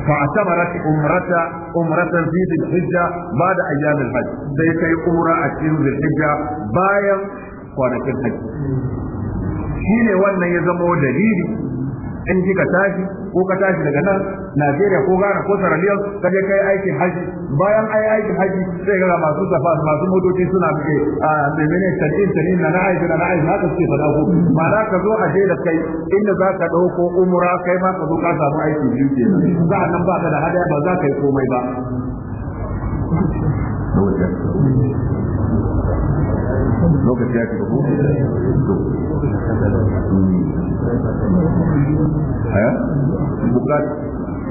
فاعتبرت عمرته عمرة في ذي الحجة بعد أيام الحج. ذي كي عمرة أتين ذي الحجة باين kwanakin haji shi ne wannan ya zama dalili in kika tashi ko ka tashi daga nan Najeriya ko Ghana ko Sierra Leone ka je kai aikin haji bayan ai aikin haji sai ga masu safa masu motoci suna fice a menene tadin tadin na na na'i na ka ce fada ko ba za ka zo a je da kai inda za ka dauko umra kai ma ka zo ka samu aikin biyu za sa'an nan ba ka da hada ba za ka yi komai ba lokaci ya shiga hudu hmm. haya bukat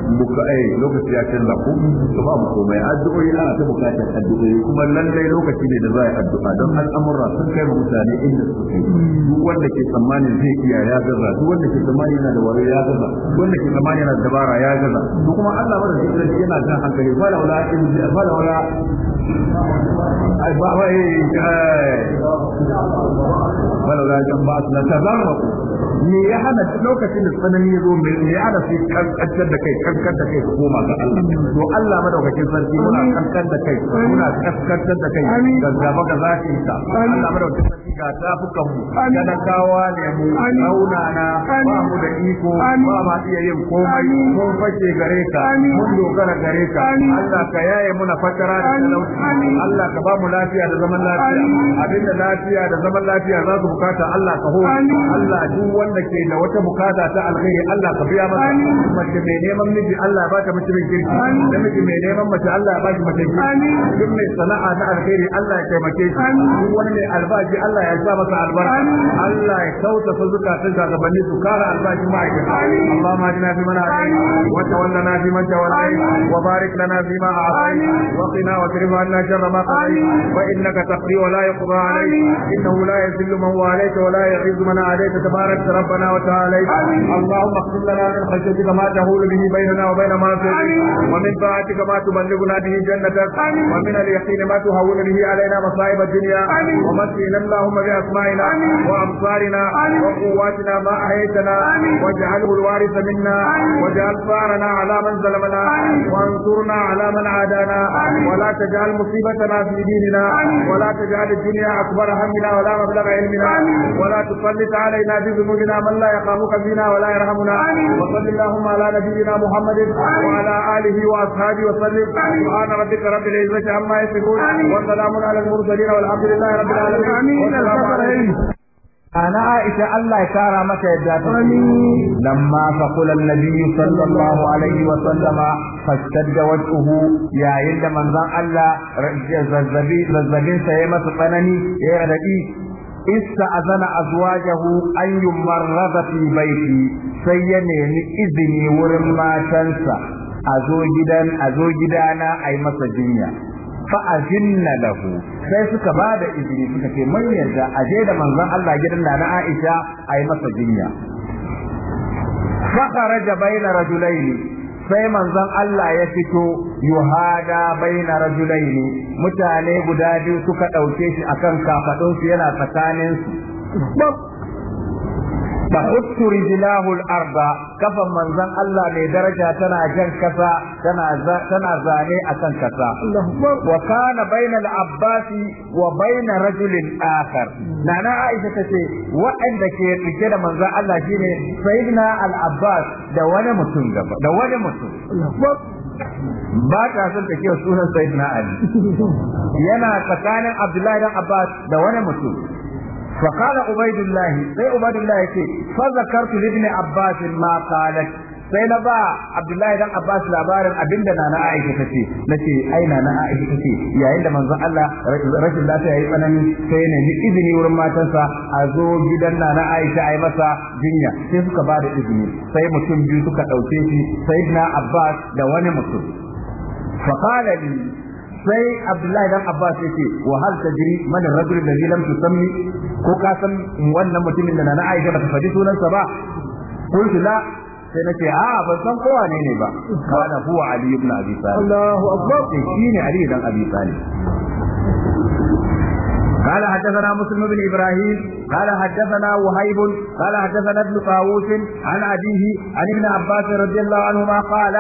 buka ai eh, lokaci ya canza ku to babu komai addu'o'i ana ta bukatar addu'o'i kuma lallai lokaci ne da za a yi addu'a don al'amura sun kai ma mutane inda su kai duk wanda ke tsammani zai iya ya gaza duk wanda ke tsammani yana da wayo ya gaza duk wanda ke tsammani yana da dabara ya gaza to kuma Allah ba da shi yana jan hankali fala wala in fala wala ai ba Ba fala eh, eh. wala jan ba na tazarru me ya hana lokacin da tsanani ya zo me ya hana sai kankantar da kai kaskar da kai koma ga Allah to Allah madaukakin sarki muna kaskar da kai muna kaskar da kai ga gaba ga ka Allah madaukakin sarki ga tafukan mu ga da kawa ne mu auna na ba mu da iko ba ma iya yin komai mun fake gare ka mun dogara gare ka Allah ka yaye muna fatara da Allah ka ba mu lafiya da zaman lafiya abinda lafiya da zaman lafiya za su bukata Allah ka hori Allah duk wanda ke da wata bukata ta alkhairi Allah ka biya masa mace mai neman miji Allah ba ka mutumin kirki namiji mai neman mace Allah mace duk mai sana'a na alheri Allah ya taimake shi duk wani mai albashi Allah ya sa masa albarka Allah ya kauta su zukatun su kara albashi ma'aikata Allah ma dina fi mana alai wa tawallana fi man tawallai wa barik lana fi ma a'tai wa qina wa anna sharra ma wa innaka taqdi wa la yuqda innahu la man walayta wa la yu'izzu man adayta tabarak اللهم اغفر لنا من خشيتك ما تهول به بين بيننا وبين معصيتك ومن طاعتك ما تبلغنا به جنتك ومن اليقين ما تهون به علينا مصائب الدنيا ومتعنا اللهم بأسمائنا وأبصارنا وقواتنا ما أحييتنا واجعله الوارث منا واجعل ثارنا على من ظلمنا وانصرنا على من عادانا ولا تجعل مصيبتنا في ديننا ولا تجعل الدنيا أكبر همنا ولا مبلغ علمنا ولا تسلط علينا بذنوبنا من لا يخافك فينا ولا يرحمنا وصل اللهم على نبينا محمد محمد وعلى آله وأصحابه وسلم سبحان ربك رب العزة عما يصفون وسلام على المرسلين والحمد لله رب العالمين والسلام عليكم أنا عائشة الله كارا متى لما فقل النبي صلى الله عليه وسلم فاشتد وجهه يا يد من ذا الله زلزبين سيمة قنني يا ردي ista'azana azwajahu an yumarrada fi baiti sai ya nemi izini wurin matansa a zo gidan a zo gidana ai masa jinya fa na lahu sai suka ba da izini suka ce mun yarda a je da manzon Allah gidan da na Aisha ai masa jinya fa kharaja bayna rajulaini sai manzon Allah ya fito yuhada baina rajulaini mutane guda biyu suka ɗauke shi akan su yana tsakanin su tahuttu rijlahu al-arda kafan manzon Allah mai daraja tana jan kasa tana tana zane akan kasa wa kana baina al-abbas wa baina rajulin akhar nana Aisha tace waɗanda ke rike da manzon Allah shine sayyidina al da wani mutum gaba son ta kiyaye sunan sayyidina ali yana tsakanin Abdullahi dan Abbas da wani mutum فقال عبيد الله سي عبيد الله يتي فذكرت لابن عباس ما قالت sai na ba Abdullahi dan Abbas labarin abinda na na Aisha tace nace ai na na ta ce yayin da manzon Allah rashin lafiya yayi tsanani sai ne ni izini wurin matansa a zo gidan na na Aisha ai masa jinya sai suka ba da izini sai mutum biyu suka dauke shi sayyidina Abbas da wani mutum فقال لي sai abdullahi dan abbas ya ce wa hal tajri man ar-rajul alladhi lam tusammi ko ka san wannan mutumin da na Aisha bata faɗi sunansa ba qultu la sai nace a ban san ko wane ne ba kana huwa ali ibn abi talib Allahu akbar shine ali dan abi talib قال حدثنا مسلم بن ابراهيم قال حدثنا وهيب قال حدثنا ابن طاووس عن أبيه عن ابن عباس رضي الله عنهما قال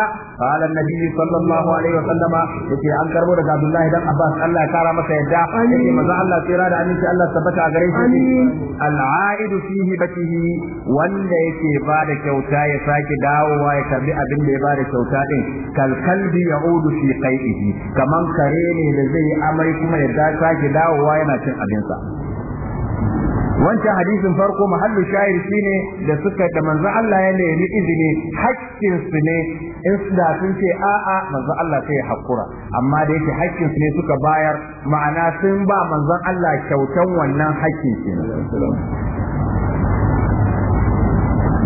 قال النبي صلى الله عليه وسلم يتي عن كربو رضا عبد الله بن عباس الله كرم سيدا يتي مزع الله سيرادا أن شاء الله ثبت أغريش العائد في هبته wanda yake ba da kyauta ya sake dawowa ya karbi abin da ya ba da kyauta din kalkalbi ya udu fi qaihi kaman kare ne da zai amai kuma ya sake dawowa yana cin abinsa wancan hadisin farko muhallin shayi shine da suka da manzo Allah ya nemi izini hakkin ne in da sun ce a'a manzo Allah sai ya hakura amma da yake hakkin su ne suka bayar ma'ana sun ba manzon Allah kyautan wannan hakkin ne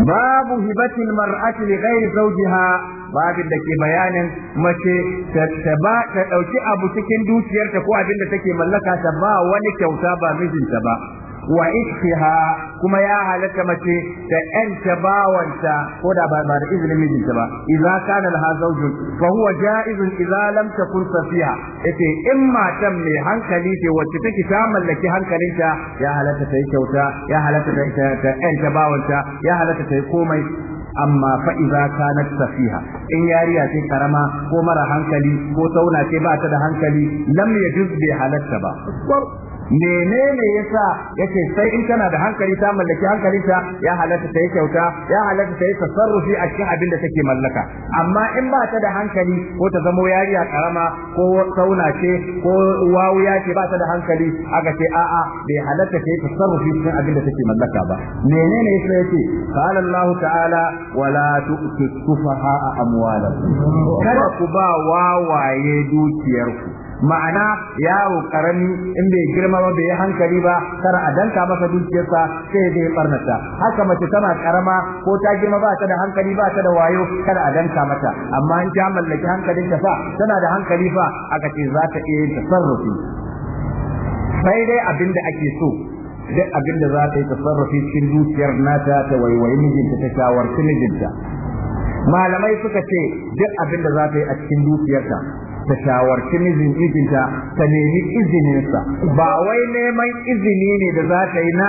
babu hibatin mar'ati li ghairi zawjiha babin da ke bayanin mace ta ɗauki abu cikin dukiyarta ko abin da take mallaka ta ba wani kyauta ba mijinta ba wa ishiha kuma ya halatta mace da yanta bawanta ko da ba da izinin mijinta ba idza kana laha zawjun fa huwa ja'izun idza lam takun safiha yace in matan mai hankali ce wacce take ta mallaki hankalinta ya halatta ta yi kyauta ya halatta ta yanta bawanta ya halatta ta yi komai amma fa idza kanat safiha in yariya ce karama ko mara hankali ko tauna ce ba ta da hankali lam yajuz bi halatta ba menene yasa yake sai in kana da hankali ta mallaki hankali ya halatta ta yi kyauta ya halatta ta yi tasarrufi a cikin abin da take mallaka amma in ba ta da hankali ko ta zamo yariya karama ko sauna ce ko wawuya ce ba ta da hankali aka ce a'a bai halatta ta yi tasarrufi cikin abin da take mallaka ba menene yasa yake qala Allah ta'ala wala tu'tu sufaha amwalakum kada ku ba wawaye dukiyarku ma'ana yawo ƙarami in bai girma ba bai hankali ba kar a danka masa dukiyarsa sai zai barnata haka mace tana karama ko ta girma ba ta da hankali ba ta da wayo kar a danka mata amma in ta mallaki hankalin ta fa tana da hankali fa a ce za ta iya tasarrufi sai dai abinda da ake so duk abin za ta yi tasarrufi cikin dukiyar nata ta waiwayi mijinta ta shawarci mijinta malamai suka ce duk abinda da za ta yi a cikin dukiyarta ta shawarci mijin mijinta ta nemi izininsa ba wai neman izini ne da za ta yi na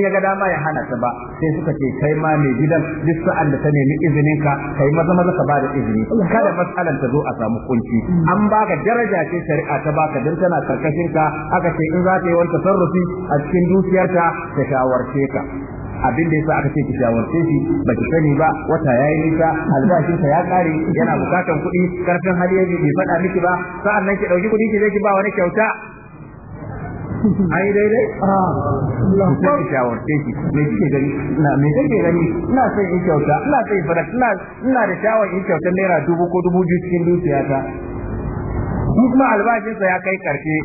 iya gada ga dama ya hana ta ba sai suka ce kai ma mai gidan duk sa'an da ta nemi izinin ka kai maza maza ka bada izini kada matsalar ta zo a samu kunci an baka daraja ce shari'a ta baka don tana karkashin ka aka ce in za ta yi wani tasarrufi a cikin dukiyarta ta shawarce ka abin da yasa aka ce ki shawarce shi ba ki sani ba wata yayi nisa albashinsa ya kare yana bukatan kuɗi karfin hali yake bai faɗa miki ba sa'an nan ki ɗauki kuɗi ki zai ki ba wani kyauta ai daidai sai ki shawarce ki me kike gani na me kike gani ina son in kyauta ina son in fara ina ina da shawar in kyauta naira dubu ko dubu biyu cikin dukiyata ni kuma albashinsa ya kai karshe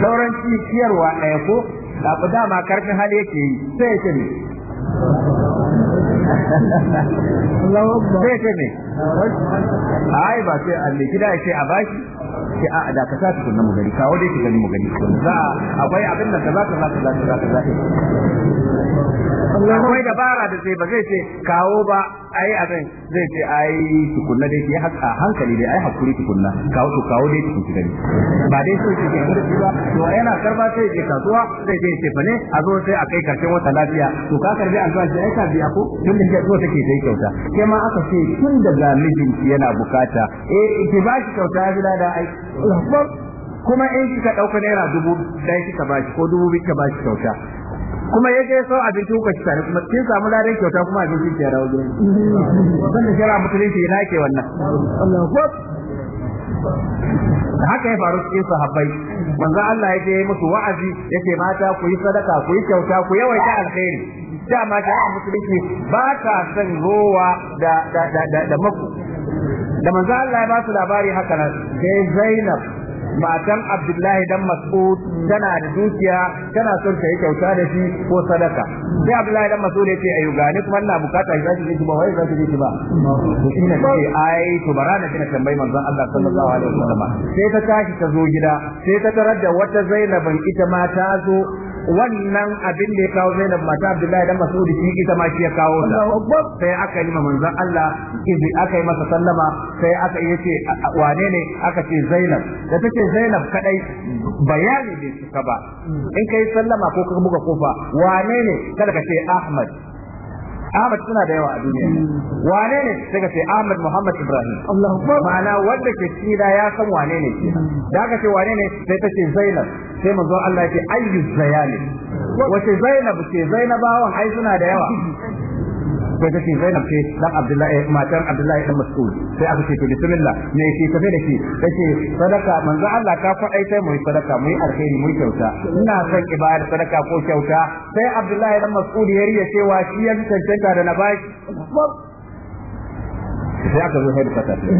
sauran ciyarwa ɗaya ko da dama karfin hali yake yi sai ce ne sai ne ai ba sai gida yake a bashi ce a da ka sa tukunna kawo dai ki gani mugari za akwai abin da kaza kaza kaza kaza akwai dabara da sai ba zai ce kawo ba ai abin zai ce ai tukunna dai ke haka hankali dai ai hakuri tukunna kawo to kawo dai tukunna gani ba dai so kike murfi ba to yana karba sai je kasuwa sai je ce bane a zo sai a kai karshen wata lafiya to ka karbi albashi ai ka biya ko tun da ke so take dai kyauta ke ma aka ce tun da ga mijinki yana bukata eh ki ba shi kyauta ya bila da ai kuma in kika dauka naira dubu dai kika ba shi ko dubu biyu kika ba shi kyauta kuma ya je so abinci kuka ci tare kuma kin samu ladan kyauta kuma abinci ke rawo gidan Wannan da shara musulunci yana ke wannan haka ya faru cikin sahabbai manzo Allah ya je musu wa'azi yake mata ku yi sadaka ku yi kyauta ku yawaita alkhairi dama da musulunci ba ta son rowa da da da da maku da manzo Allah ya ba su labari haka nan sai Zainab matan Abdullahi dan Mas'ud tana da dukiya tana son ta yi kyauta da shi ko sadaka sai Abdullahi dan Mas'ud yace ayu gani kuma ina bukata shi zaki ji ba wai zaki ji ba to ina ce ai to barana kina tambayi manzon Allah sallallahu alaihi wasallam sai ta tashi ta zo gida sai ta tarar da wata Zainabin ita ma ta zo wannan abin da ya kawo Zainab mata Abdullahi dan Mas'ud shi ita ma shi ya kawo ta sai aka yi manzon Allah izi aka yi masa sallama sai aka yi ce wane ne aka ce Zainab da take Zainab kadai bayani bai suka ba mm. in kai sallama ko ka buga kofa wane ne kada ka ce Ahmad Ahmad suna da yawa a duniya hmm. wane ne daga ce Ahmad Muhammad Ibrahim ma'ana wanda ke cina ya san wane ne ke hmm. da aka ce wane ne sai ta ce Zainab sai manzo Allah ya ce ayyu zayani wace Zainab ce Zainabawan ai suna da yawa sai ta ce Zainab ce dan Abdullahi eh, matan Abdullahi dan Mas'ud sai aka ce to bismillah me ke tafe da shi tace sadaka manzo Allah ka faɗai sai mu yi sadaka mu yi alheri mu yi kyauta ina son ibada sadaka ko kyauta sai Abdullahi dan Mas'ud ya riya cewa shi ya cancanta da na baki sai aka zo haidu kasa sai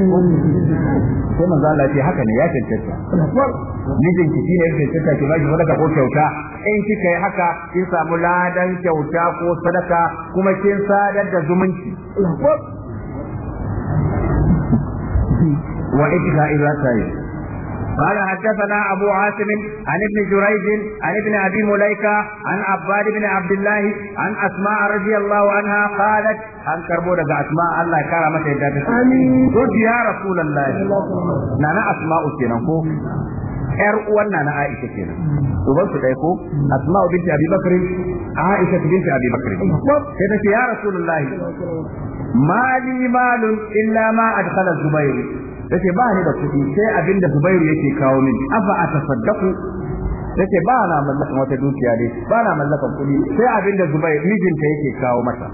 manzo Allah ce haka ne ya cancanta mijin ki ne ya cancanta ki baki sadaka ko kyauta in kika yi haka in samu ladan kyauta ko sadaka kuma kin sadar da zumunci wa ikra idza yi. قال حدثنا أبو عاصم عن ابن جريج عن ابن أبي مليكة عن عباد بن عبد الله عن أسماء رضي الله عنها قالت عن كربونة أسماء الله كرمت قلت يا رسول الله نانا أسماء كنكو ‘yar uwan na Aisha kenan uban su ɗaya ko Asma'u binti Abi Bakr Aisha binti Abi Bakr sai ta ce ya Rasulullahi mali malun illa ma adkhala Zubair yace ba ni da kuɗi sai abin da Zubairu yake kawo min afa atasaddaqu yace ba na mallaka wata dukiya ne ba na mallaka kuɗi sai abin da Zubairu mijinta yake kawo mata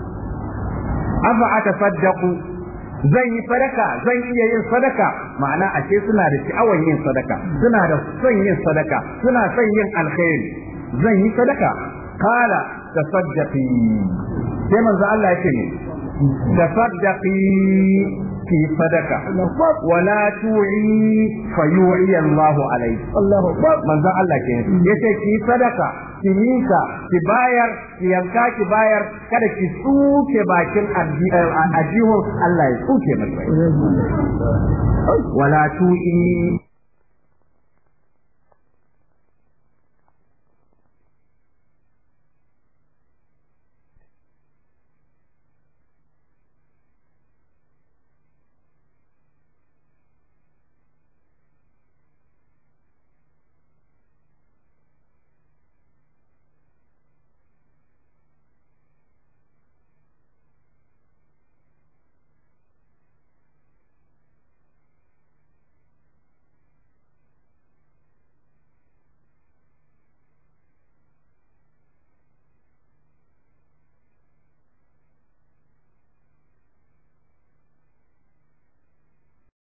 afa atasaddaqu zan yi sadaka zan iya yin sadaka ma'ana ce suna da sha'awar yin sadaka suna da son yin sadaka suna son yin alkhairi zan yi sadaka kala tasaddaqi sai manzo Allah yake ne tasaddaqi ki sadaka wala tu'i fa sadaka ki nika ki ki bayar kada ki tsuke bakin ajihun ya tsuke